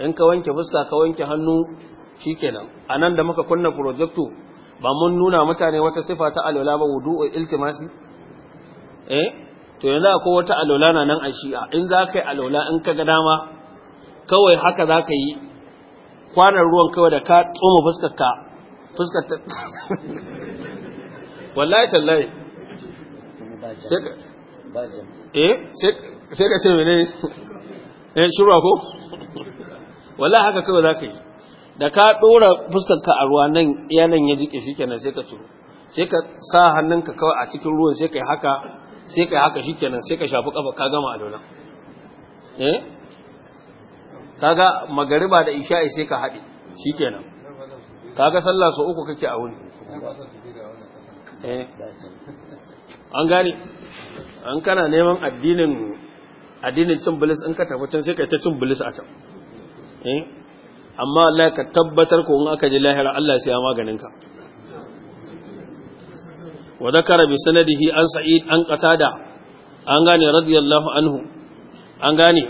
in ka wanke fuska ka wanke hannu shikenan anan da muka kunna projecto ba mun nuna mutane wata sifa ta alwala ba wudu'u iltimasi eh to yanzu akwai wata alwala na nan a shi'a in za ka yi alwala in ka ga dama kawai haka za ka yi kwanan ruwan kawai da ka tsoma fuskar ka fuskar ta wallahi tallahi Eh, sai ka ce mene eh shura ko wala haka kawai za ka yi da ka ɗora fuskanka a ruwa nan yanan ya jike shi kenan sai ka ciro sai ka sa hannunka kawai a cikin ruwan sai ka yi haka sai ka yi haka shi kenan sai ka shafi kafa ka gama a lola eh kaga magariba da isha'i sai ka haɗe shi kenan kaga sallah su uku kake a wuni eh? an gane an kana neman addinin addinin cin bilis in ka tafi can sai ka ta cin bilis a can eh? amma Allah ka tabbatar ko in aka ji lahira Allah sai ya maganin ka wa dhakara bi sanadihi an sa'id an qatada an gane radiyallahu anhu an gane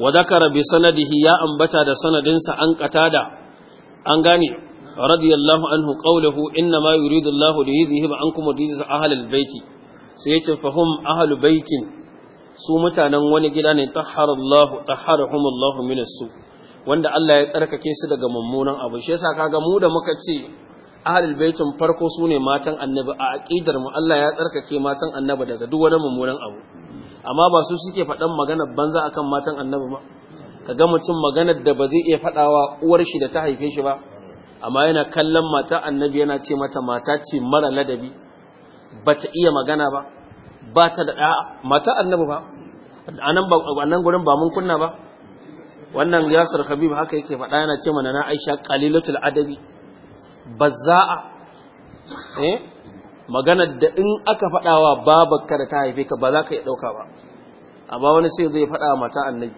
wa dhakara bi sanadihi ya ambata da sanadinsa an qatada an gane radiyallahu anhu qawluhu inna ma yuridu Allahu li yudhhiba ankum rijsa ahli al-bayti sai yace fahum ahlu baitin su mutanen wani gida ne tahharallahu tahharahumullahu min su wanda Allah ya tsarkake su daga mummunan abu shi yasa kaga mu da muka ce ahlul baitin farko su ne matan annabi a aƙidar mu Allah ya tsarkake matan annabi daga duk wani mummunan abu amma ba su suke faɗan magana banza akan matan annabi ba kaga mutum maganar da ba zai iya faɗawa uwar shi da ta haife shi ba amma yana kallon mata annabi yana ce mata mata ce mara ladabi bata iya magana ba ba ta da ɗa'a. mata annabi ba anan gurin ba mun kunna ba wannan yasir habib haka yake faɗa yana ce mana na aisha qalilatul adabi bazza'a eh magana da in aka faɗawa babarka da ta haife ka ba za ka iya ɗauka ba amma wani sai zai faɗa mata annabi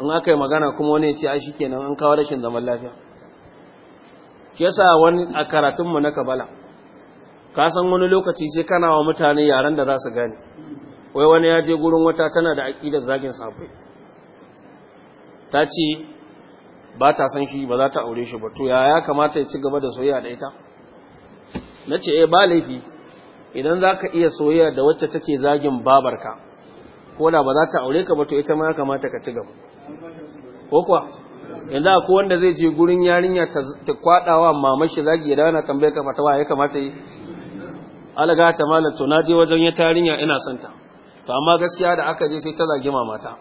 in aka yi magana kuma wani ya ce ai kenan an kawo rashin zaman lafiya shi yasa wani a karatunmu na kabala ka san wani lokaci sai kana wa mutane yaren da za su gane wai wani ya je gurin wata tana da aƙidar zagin safai ta ce ba ta san shi ba za ta aure shi ba to ya ya kamata ya ci gaba da soyayya da ita na ce eh ba laifi idan za ka iya soyayya da wacce take zagin babarka ko da ba za ta aure ka ba to ita ma ya kamata ka ci gaba ko kuwa yanzu akwai wanda zai je gurin yarinya ta kwadawa mamashi zagi ya dawo tambaye tambayar ka fatawa ya kamata yi alaga ta malam to na je wajen ya tarinya ina santa to amma gaskiya da aka je sai ta zagi mamata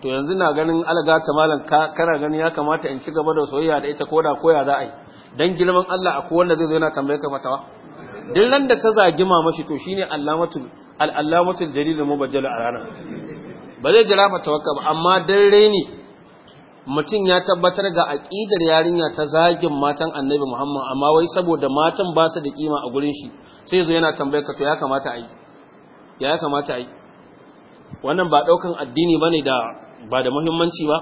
to yanzu na ganin alaga ta malam kana ganin ya kamata in ci gaba da soyayya da ita koda koya za a yi dan girman Allah akwai wanda zai zo yana tambaye ka fatawa duk ran da ta zagi shi to shine allamatul al allamatul jalil mubajjal a ranar ba zai jira fatawa ba amma dan reni mutum ya tabbatar ga aƙidar yarinya ta zagin matan annabi Muhammad amma wai saboda matan ba su da kima a gurin shi sai zo yana tambayar ka to ya kamata a yi ya kamata a yi wannan ba ɗaukan addini ne da ba da muhimmanci ba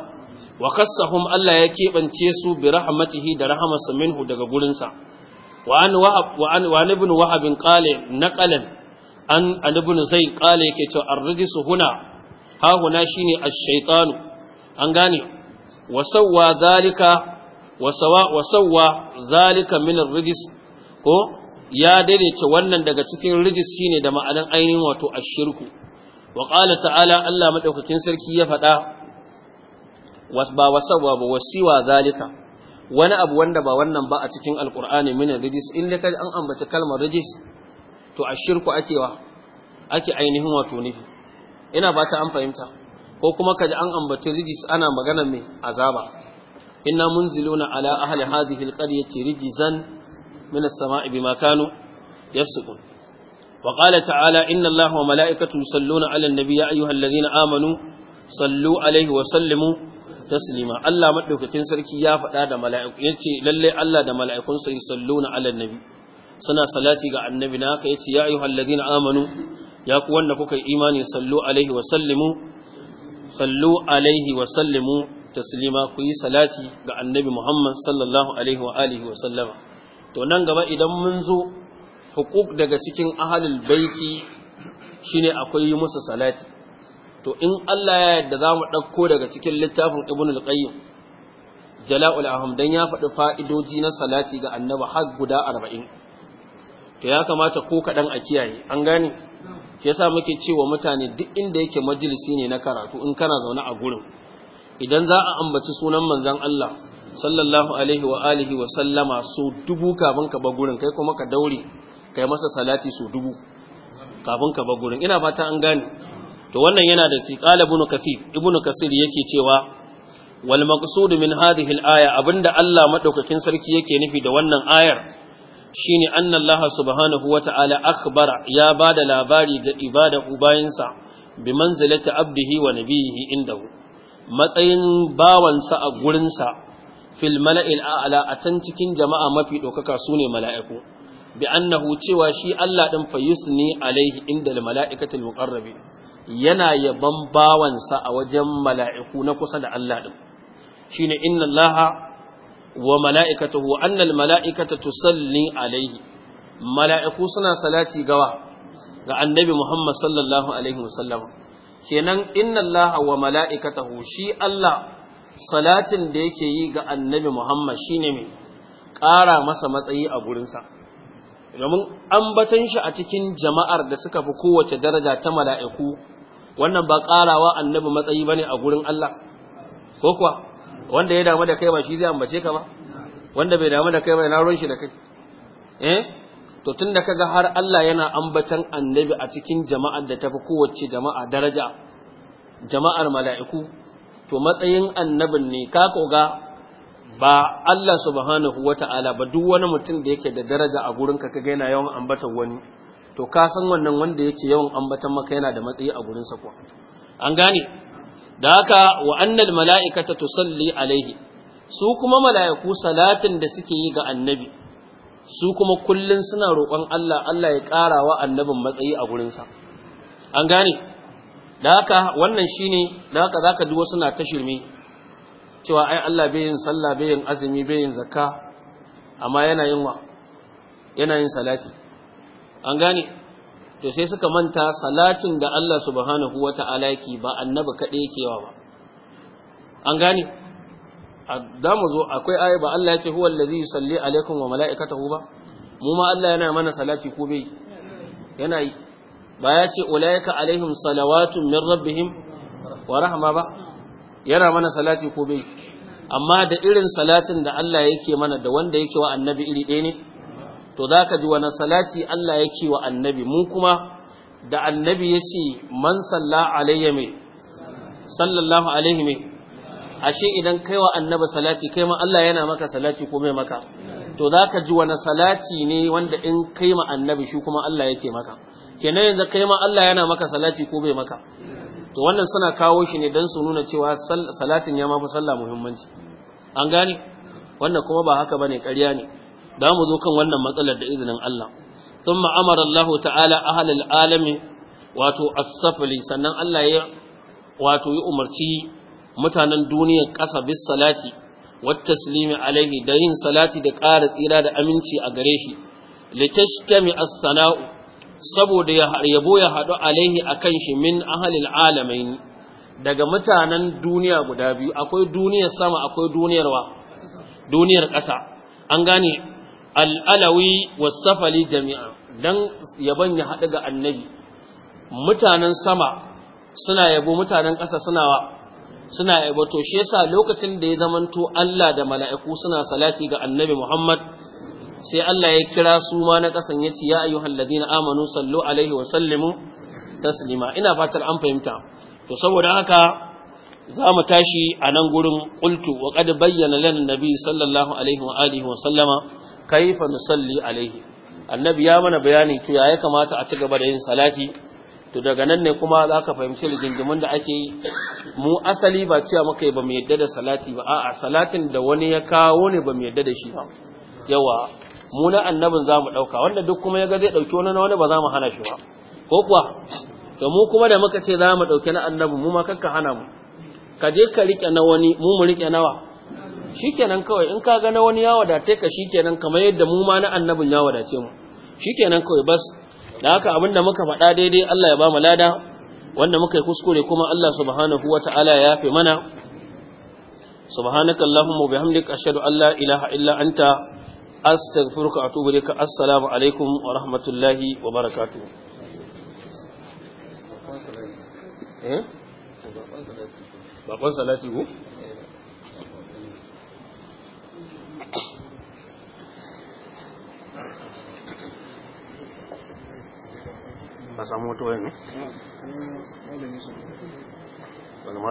wa kassahum Allah ya keɓance su bi rahmatihi da rahamarsa minhu daga gurinsa wa an wahab wa ibn naqalan an ibn zayd qala yake cewa ar-rijsu huna ha huna shine ash-shaytanu an gane wasawwa zalika wasawa wasawwa zalika min rijis ko ya daidaita wannan daga cikin rijis shine da ma'anan ainihin wato ashirku wa qala ta'ala Allah madaukakin sarki ya faɗa ba wasawwa ba wasiwa zalika wani abu wanda ba wannan ba a cikin alqur'ani min rijis in laka an ambata kalmar rijis to ashirku ake ake ainihin wato nufi ina ba ta an fahimta ko kuma kaji an ambaci rijis ana magana mai azaba inna munziluna ala ahli hadhihi alqaryati rijzan min as-sama'i bima kanu yasqun wa qala ta'ala inna allaha wa mala'ikatahu yusalluna 'alan nabiy ya ayyuhalladhina amanu sallu Alayhi wa sallimu taslima Allah madaukakin sarki ya faɗa da mala'iku yace lalle Allah da mala'ikun sa yusalluna 'alan nabi suna salati ga annabi na haka yace ya ayyuhalladhina amanu ya ku wanda kuka yi imani sallu alaihi wa sallimu sallu alaihi wa sallimu taslima ku yi salati ga annabi Muhammad sallallahu alaihi wa alihi wa sallama to nan gaba idan mun zo hukuk daga cikin ahalul baiti shine akwai yi musu salati to in Allah ya yarda za mu ɗauko daga cikin littafin ibnul qayyim Jala'ul ahamdan dan ya faɗi fa'idoji na salati ga annabi har guda 40 to ya kamata ko kaɗan a kiyaye an gane shi yasa muke cewa mutane duk inda yake majalisi ne na karatu in kana zaune a gurin idan za a ambaci sunan manzon Allah sallallahu alaihi wa alihi wa sallama so dubu kafin ka ba gurin kai kuma ka daure kai masa salati su dubu kafin ka ba gurin ina fata an gane to wannan yana da tiqala ibn kasir ibn kasir yake cewa wal maqsud min hadhihi al aya abinda Allah madaukakin sarki yake nufi da wannan ayar shine anna Allah subhanahu wata'ala akhbara ya ba da labari ga ibadahu bayansa bi manzilati abdihi wa inda indahu matsayin bawansa a gurinsa fil mala'il a'la a can cikin jama'a mafi ɗaukaka sune mala'iku bi annahu cewa shi Allah fayus ne alaihi inda mala'ikatul muqarrabi yana yaban bawansa a wajen mala'iku na kusa da Allah Shi ne inna Allah wa Wa annal mala'ikata tusalli alaihi mala'iku suna salati gawa ga annabi Muhammad sallallahu alaihi wasallam kenan inna Allah wa mala'ikatahu shi Allah salatin da yake yi ga annabi Muhammad shi ne mai ƙara masa matsayi a gurinsa domin ambatan shi a cikin jama'ar da suka fi kowace daraja ta mala'iku wannan ba ƙarawa annabi matsayi bane a gurin Allah ko kuwa wanda ya damu da kai ba shi zai ambace ka ba wanda bai damu da kai ba na ruwan shi da kai eh to tunda kaga har Allah yana ambatan annabi a cikin jama'ar da tafi kowace jama'a daraja jama'ar mala'iku to matsayin annabin ne ka koga ba Allah subhanahu wata'ala ba duk wani mutum da yake da daraja a gurin ka kaga yana yawan ambatan wani to ka san wannan wanda yake yawan ambatan maka yana da matsayi a gurin sa kuwa an gane da haka wa annal mala'ikata tusalli alaihi su kuma mala'iku salatin da suke yi ga annabi su kuma kullun suna roƙon Allah Allah ya ƙara wa annabin matsayi a gurinsa an gane da haka wannan shine da haka zaka duwa suna ta shirme cewa ai Allah bai yin sallah bai yin azumi bai yin zakka amma yana yin wa yana yin salati an gane to sai suka manta salatin da Allah subhanahu ta’ala yake ba annabi kaɗai yake wa ba an gane da mu zo akwai ayi ba Allah yake huwa yi yusalli alaikum wa mala'ikatahu ba mu ma Allah yana mana salati ko bai yana yi ba ya ce ulaika alaihim salawatun min rabbihim wa rahma ba yana mana salati ko bai amma da irin salatin da Allah yake mana da wanda yake wa annabi iri ɗaya ne to za ka ji wani salati Allah yake wa annabi mu kuma da annabi ya ce man salla alayya mai sallallahu alaihi mai ashe idan kai wa annabi salati kai ma Allah yana maka salati ko mai maka to za ka ji wani salati ne wanda in kai ma annabi shi kuma Allah yake maka kenan yanzu kai ma Allah yana maka salati ko bai maka to wannan suna kawo shi ne don su nuna cewa salatin ya mafi sallah muhimmanci an gane wannan kuma ba haka bane ƙarya ne da mu zo kan wannan matsalar da izinin Allah Sun amara Allah ta'ala ahlal alami wato as sannan Allah ya wato ya umarci mutanen duniyar ƙasa bis salati wat taslimi alaihi da yin salati da ƙara tsira da aminci a gare shi litashtami as-sana'u saboda ya yabo ya hadu alaihi a akan shi min ahlil alamin daga mutanen duniya guda biyu akwai duniyar sama akwai duniyar wa duniyar ƙasa an gane al'alawi wasafali jami'a don yaban ya haɗu ga annabi mutanen sama suna yabo mutanen ƙasa suna suna yabo to shi yasa lokacin da ya zamanto Allah da mala'iku suna salati ga annabi Muhammad sai Allah ya kira su ma na ƙasan ya ce ya halladi na amanu sallu alaihi wa sallimu taslima ina fatar an fahimta to saboda haka za mu tashi a nan gurin ƙultu wa ƙad bayyana lana nabi sallallahu alaihi wa alihi wa sallama kaifa nusalli alaihi annabi ya mana bayani to ya kamata a ci gaba da yin salati to daga nan ne kuma za ka fahimci rigingimun da ake yi mu asali ba cewa muka yi ba mu yadda da salati ba a'a salatin da wani ya kawo ne ba mu yadda da shi ba yawa mu na annabin za mu wanda duk kuma ya ga zai ɗauki wani na wani ba za mu hana shi ba ko kuwa to mu kuma da muka ce za mu ɗauki na annabi mu ma kakka hana mu ka je ka rike na wani mu mu riƙe nawa shikenan kawai in ka ga na wani ya wadace ka shikenan kamar yadda mu ma na annabin ya wadace mu shikenan kawai bas da haka abinda muka faɗa daidai Allah ya ba lada wanda muka yi kuskure kuma Allah subhanahu wataala ya yafe mana subhanaka allahumma bihamdika ashhadu an la ilaha illa anta astaghfiruka wa atubu ilaik assalamu alaikum wa rahmatullahi wa barakatuh eh bakon salati ko ka samu wata wayan ne